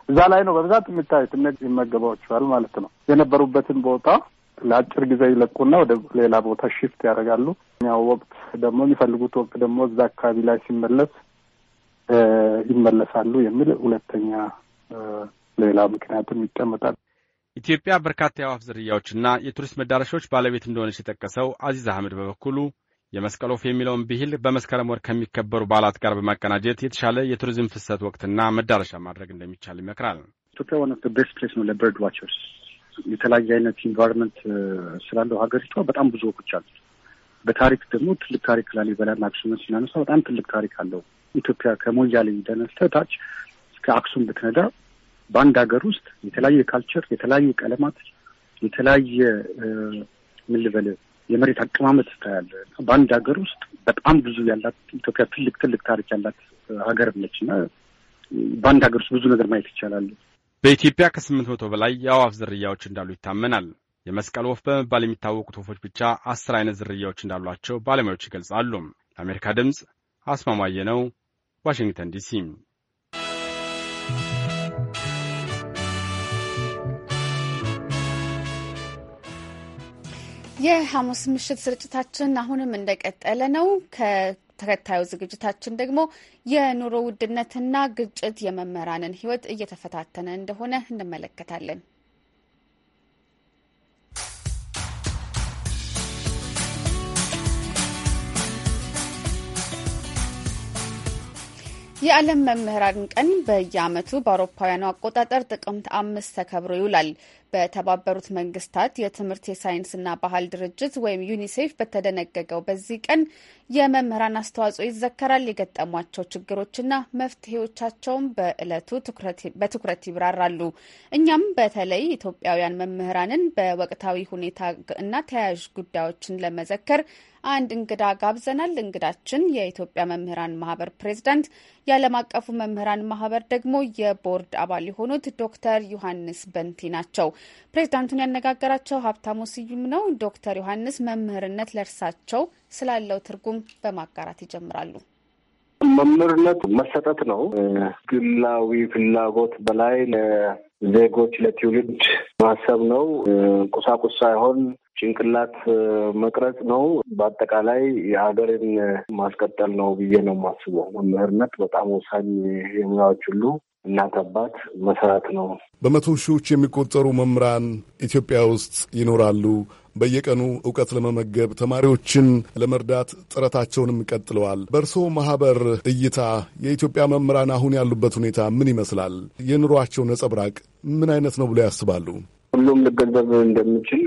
እዛ ላይ ነው በብዛት የሚታዩት። እነዚህ ይመገባቸዋል ማለት ነው። የነበሩበትን ቦታ ለአጭር ጊዜ ይለቁና ወደ ሌላ ቦታ ሽፍት ያደርጋሉ። ያው ወቅት ደግሞ የሚፈልጉት ወቅት ደግሞ እዛ አካባቢ ላይ ሲመለስ ይመለሳሉ የሚል ሁለተኛ ሌላ ምክንያትም ይቀመጣል። ኢትዮጵያ በርካታ የአዕዋፍ ዝርያዎችና የቱሪስት መዳረሻዎች ባለቤት እንደሆነች የጠቀሰው አዚዝ አህመድ በበኩሉ የመስቀል ወፍ የሚለውን ብሂል በመስከረም ወር ከሚከበሩ በዓላት ጋር በማቀናጀት የተሻለ የቱሪዝም ፍሰት ወቅትና መዳረሻ ማድረግ እንደሚቻል ይመክራል። ኢትዮጵያ ዋን ኦፍ ቤስት ፕሌስ ነው ለበርድ ዋቸርስ። የተለያየ አይነት ኢንቫይሮንመንት uh, ስላለው ሀገሪቷ በጣም ብዙ ወፎች አሉ። በታሪክ ደግሞ ትልቅ ታሪክ ላሊበላና አክሱምን ስናነሳ በጣም ትልቅ ታሪክ አለው። ኢትዮጵያ ከሞያሌ ተነስተህ ታች እስከ አክሱም ብትነዳ በአንድ ሀገር ውስጥ የተለያየ ካልቸር፣ የተለያየ ቀለማት፣ የተለያየ uh, ምን ልበልህ የመሬት አቀማመጥ ታያለ። በአንድ ሀገር ውስጥ በጣም ብዙ ያላት ኢትዮጵያ ትልቅ ትልቅ ታሪክ ያላት ሀገር ነች እና በአንድ ሀገር ውስጥ ብዙ ነገር ማየት ይቻላል። በኢትዮጵያ ከስምንት መቶ በላይ የአዋፍ ዝርያዎች እንዳሉ ይታመናል። የመስቀል ወፍ በመባል የሚታወቁት ወፎች ብቻ አስር አይነት ዝርያዎች እንዳሏቸው ባለሙያዎች ይገልጻሉ። ለአሜሪካ ድምፅ አስማማየ ነው፣ ዋሽንግተን ዲሲ የሐሙስ ምሽት ስርጭታችን አሁንም እንደቀጠለ ነው። ከተከታዩ ዝግጅታችን ደግሞ የኑሮ ውድነትና ግጭት የመምህራንን ሕይወት እየተፈታተነ እንደሆነ እንመለከታለን። የዓለም መምህራን ቀን በየዓመቱ በአውሮፓውያኑ አቆጣጠር ጥቅምት አምስት ተከብሮ ይውላል። በተባበሩት መንግስታት የትምህርት የሳይንስና ባህል ድርጅት ወይም ዩኒሴፍ በተደነገገው በዚህ ቀን የመምህራን አስተዋጽኦ ይዘከራል። የገጠሟቸው ችግሮችና መፍትሄዎቻቸውም በእለቱ በትኩረት ይብራራሉ። እኛም በተለይ ኢትዮጵያውያን መምህራንን በወቅታዊ ሁኔታ እና ተያያዥ ጉዳዮችን ለመዘከር አንድ እንግዳ ጋብዘናል። እንግዳችን የኢትዮጵያ መምህራን ማህበር ፕሬዚዳንት፣ የዓለም አቀፉ መምህራን ማህበር ደግሞ የቦርድ አባል የሆኑት ዶክተር ዮሐንስ በንቲ ናቸው። ፕሬዚዳንቱን ያነጋገራቸው ሀብታሙ ስዩም ነው። ዶክተር ዮሐንስ መምህርነት ለእርሳቸው ስላለው ትርጉም በማጋራት ይጀምራሉ። መምህርነት መሰጠት ነው። ግላዊ ፍላጎት በላይ ለዜጎች ለትውልድ ማሰብ ነው። ቁሳቁስ ሳይሆን ጭንቅላት መቅረጽ ነው። በአጠቃላይ የሀገርን ማስቀጠል ነው ብዬ ነው የማስበው። መምህርነት በጣም ወሳኝ የሙያዎች ሁሉ እናት አባት መሰረት ነው። በመቶ ሺዎች የሚቆጠሩ መምህራን ኢትዮጵያ ውስጥ ይኖራሉ። በየቀኑ እውቀት ለመመገብ ተማሪዎችን ለመርዳት ጥረታቸውንም ቀጥለዋል። በእርስዎ ማህበር እይታ የኢትዮጵያ መምህራን አሁን ያሉበት ሁኔታ ምን ይመስላል? የኑሯቸው ነጸብራቅ ምን አይነት ነው ብለው ያስባሉ? ሁሉም ልገንዘብ እንደምችል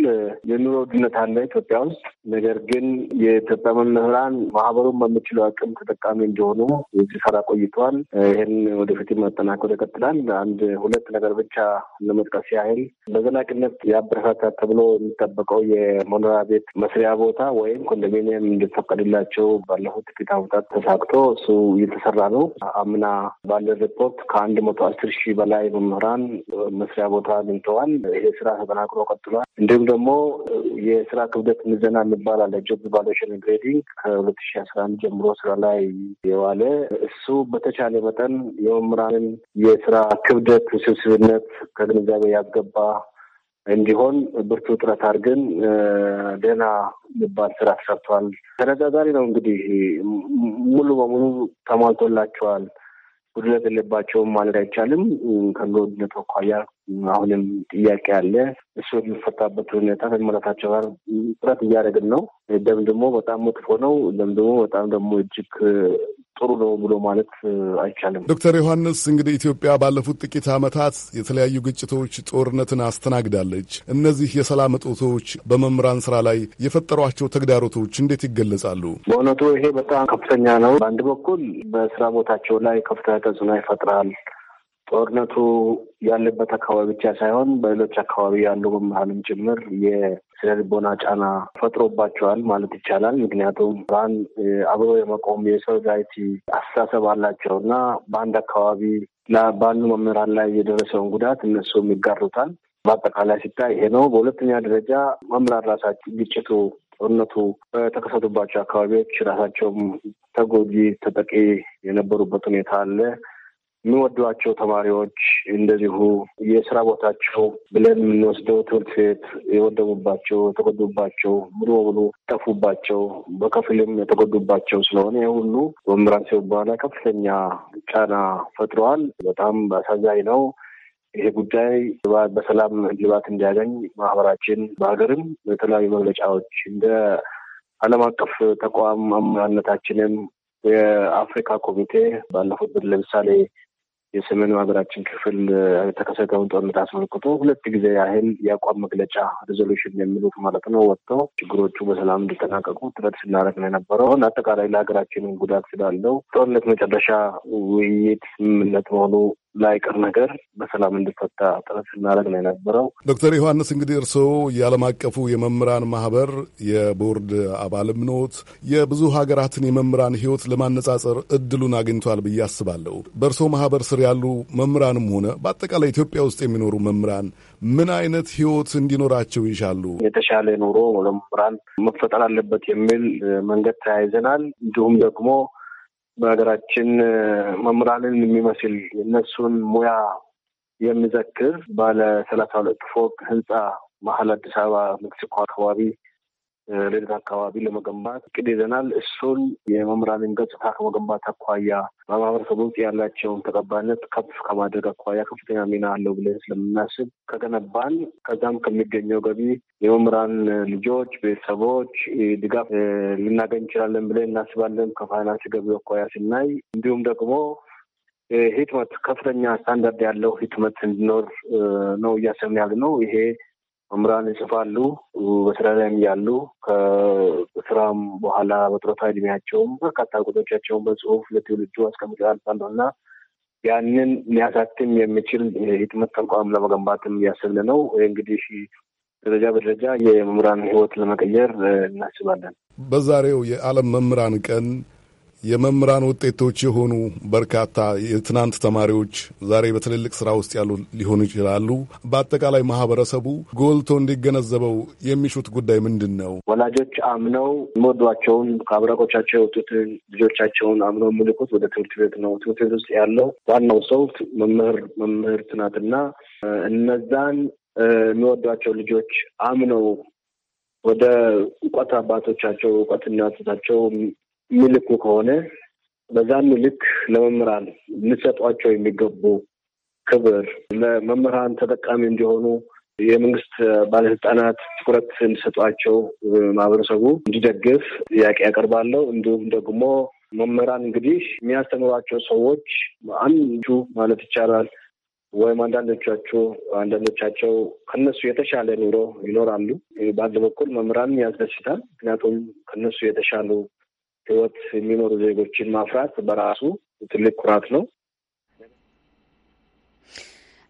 የኑሮ ውድነት አለ ኢትዮጵያ ውስጥ። ነገር ግን የኢትዮጵያ መምህራን ማህበሩን በምችለው አቅም ተጠቃሚ እንዲሆኑ ሲሰራ ቆይተዋል። ይህን ወደፊት ማጠናከር ይቀጥላል። አንድ ሁለት ነገር ብቻ ለመጥቀስ ያህል በዘላቂነት የአበረታታ ተብሎ የሚጠበቀው የመኖሪያ ቤት መስሪያ ቦታ ወይም ኮንዶሚኒየም እንዲፈቀድላቸው ባለፉት ጥቂት ዓመታት ተሳክቶ እሱ እየተሰራ ነው። አምና ባለ ሪፖርት ከአንድ መቶ አስር ሺህ በላይ መምህራን መስሪያ ቦታ አግኝተዋል። ስራ ተጠናክሮ ቀጥሏል። እንዲሁም ደግሞ የስራ ክብደት ምዘና የሚባል አለ። ጆብ ቫሉዌሽን ግሬዲንግ ከሁለት ሺ አስራ አንድ ጀምሮ ስራ ላይ የዋለ እሱ በተቻለ መጠን የመምህራንን የስራ ክብደት ውስብስብነት ከግንዛቤ ያስገባ እንዲሆን ብርቱ ጥረት አድርገን ደህና የሚባል ስራ ተሰርቷል። ተነጻጻሪ ነው እንግዲህ ሙሉ በሙሉ ተሟልቶላቸዋል። ጉድለት የለባቸውም ማለት አይቻልም። ከጎድለት አኳያ አሁንም ጥያቄ አለ። እሱ የሚፈታበት ሁኔታ ከመረታቸው ጋር ጥረት እያደረግን ነው። ደም ደግሞ በጣም መጥፎ ነው። ደም ደግሞ በጣም ደግሞ እጅግ ጥሩ ነው ብሎ ማለት አይቻልም። ዶክተር ዮሐንስ እንግዲህ ኢትዮጵያ ባለፉት ጥቂት ዓመታት የተለያዩ ግጭቶች፣ ጦርነትን አስተናግዳለች። እነዚህ የሰላም እጦቶች በመምህራን ስራ ላይ የፈጠሯቸው ተግዳሮቶች እንዴት ይገለጻሉ? በእውነቱ ይሄ በጣም ከፍተኛ ነው። በአንድ በኩል በስራ ቦታቸው ላይ ከፍተኛ ተጽዕኖ ይፈጥራል። ጦርነቱ ያለበት አካባቢ ብቻ ሳይሆን በሌሎች አካባቢ ያሉ መምህራንም ጭምር የስነ ልቦና ጫና ፈጥሮባቸዋል ማለት ይቻላል። ምክንያቱም ራን አብሮ የመቆም የሶሊዳሪቲ አስተሳሰብ አላቸው እና በአንድ አካባቢ ባሉ መምህራን ላይ የደረሰውን ጉዳት እነሱም ይጋሩታል። በአጠቃላይ ሲታይ ይሄ ነው። በሁለተኛ ደረጃ መምህራን ራሳቸው ግጭቱ ጦርነቱ በተከሰቱባቸው አካባቢዎች ራሳቸውም ተጎጂ ተጠቂ የነበሩበት ሁኔታ አለ። የሚወዷቸው ተማሪዎች እንደዚሁ የስራ ቦታቸው ብለን የምንወስደው ትምህርት ቤት የወደሙባቸው የተጎዱባቸው ሙሉ በሙሉ ጠፉባቸው በከፊልም የተጎዱባቸው ስለሆነ ይህ ሁሉ በመምህራን ሲሆን በኋላ ከፍተኛ ጫና ፈጥረዋል። በጣም አሳዛኝ ነው። ይሄ ጉዳይ በሰላም ልባት እንዲያገኝ ማህበራችን በሀገርም በተለያዩ መግለጫዎች እንደ ዓለም አቀፍ ተቋም አመራርነታችንም የአፍሪካ ኮሚቴ ባለፉት ለምሳሌ የሰሜኑ ሀገራችን ክፍል የተከሰተውን ጦርነት አስመልክቶ ሁለት ጊዜ ያህል የአቋም መግለጫ ሪዞሉሽን የሚሉት ማለት ነው ወጥተው ችግሮቹ በሰላም እንዲጠናቀቁ ጥረት ስናደርግ ነው የነበረው። አጠቃላይ ለሀገራችን ጉዳት ስላለው ጦርነት መጨረሻ ውይይት ስምምነት መሆኑ ላይቀር ነገር በሰላም እንዲፈታ ጥረት ስናደርግ ነው የነበረው። ዶክተር ዮሐንስ እንግዲህ እርስዎ የዓለም አቀፉ የመምህራን ማህበር የቦርድ አባልም ኖት። የብዙ ሀገራትን የመምህራን ህይወት ለማነጻጸር እድሉን አግኝቷል ብዬ አስባለሁ። በእርስዎ ማህበር ስር ያሉ መምህራንም ሆነ በአጠቃላይ ኢትዮጵያ ውስጥ የሚኖሩ መምህራን ምን አይነት ህይወት እንዲኖራቸው ይሻሉ? የተሻለ ኑሮ ለመምህራን መፈጠር አለበት የሚል መንገድ ተያይዘናል። እንዲሁም ደግሞ በሀገራችን መምህራንን የሚመስል የእነሱን ሙያ የሚዘክር ባለ ሰላሳ ሁለት ፎቅ ህንፃ መሀል አዲስ አበባ ሜክሲኮ አካባቢ ልደታ አካባቢ ለመገንባት እቅድ ይዘናል። እሱን የመምህራንን ገጽታ ከመገንባት አኳያ በማህበረሰቡ ውስጥ ያላቸውን ተቀባይነት ከፍ ከማድረግ አኳያ ከፍተኛ ሚና አለው ብለን ስለምናስብ ከገነባን ከዛም ከሚገኘው ገቢ የመምህራን ልጆች፣ ቤተሰቦች ድጋፍ ልናገኝ እንችላለን ብለን እናስባለን። ከፋይናንስ ገቢ አኳያ ስናይ እንዲሁም ደግሞ ህትመት ከፍተኛ ስታንዳርድ ያለው ህትመት እንዲኖር ነው እያሰብን ያለ ነው ይሄ መምህራን ይጽፋሉ። በስራ ላይም ያሉ ከስራም በኋላ በጡረታ እድሜያቸውም በርካታ ቁጦቻቸውን በጽሁፍ ለትውልዱ አስቀምጠው ያልፋሉ እና ያንን ሊያሳትም የሚችል የህትመት ተቋም ለመገንባትም እያሰብን ነው። እንግዲህ ደረጃ በደረጃ የመምህራን ህይወት ለመቀየር እናስባለን። በዛሬው የዓለም መምህራን ቀን የመምህራን ውጤቶች የሆኑ በርካታ የትናንት ተማሪዎች ዛሬ በትልልቅ ስራ ውስጥ ያሉ ሊሆኑ ይችላሉ። በአጠቃላይ ማህበረሰቡ ጎልቶ እንዲገነዘበው የሚሹት ጉዳይ ምንድን ነው? ወላጆች አምነው የሚወዷቸውን ከአብራቆቻቸው የወጡትን ልጆቻቸውን አምነው የሚልኩት ወደ ትምህርት ቤት ነው። ትምህርት ቤት ውስጥ ያለው ዋናው ሰው መምህር መምህርት ናትና እነዛን የሚወዷቸው ልጆች አምነው ወደ እውቀት አባቶቻቸው እውቀት እናቶቻቸው የሚልኩ ከሆነ በዛን ልክ ለመምህራን ልሰጧቸው የሚገቡ ክብር ለመምህራን ተጠቃሚ እንዲሆኑ የመንግስት ባለስልጣናት ትኩረት እንዲሰጧቸው ማህበረሰቡ እንዲደግፍ ጥያቄ ያቀርባለሁ። እንዲሁም ደግሞ መምህራን እንግዲህ የሚያስተምሯቸው ሰዎች አንዱ ማለት ይቻላል ወይም አንዳንዶቻቸው አንዳንዶቻቸው ከነሱ የተሻለ ኑሮ ይኖራሉ። በአንድ በኩል መምህራን ያስደስታል። ምክንያቱም ከነሱ የተሻሉ ህይወት የሚኖሩ ዜጎችን ማፍራት በራሱ ትልቅ ኩራት ነው።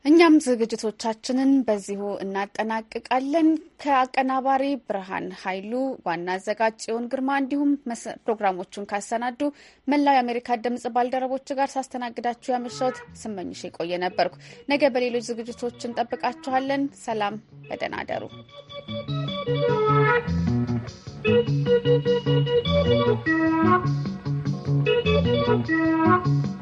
እኛም ዝግጅቶቻችንን በዚሁ እናጠናቅቃለን። ከአቀናባሪ ብርሃን ኃይሉ፣ ዋና አዘጋጅ ጽዮን ግርማ እንዲሁም ፕሮግራሞቹን ካሰናዱ መላው የአሜሪካ ድምጽ ባልደረቦች ጋር ሳስተናግዳችሁ ያመሻውት ስመኝሽ የቆየ ነበርኩ። ነገ በሌሎች ዝግጅቶች እንጠብቃችኋለን። ሰላም፣ በደህና አደሩ። Thank you.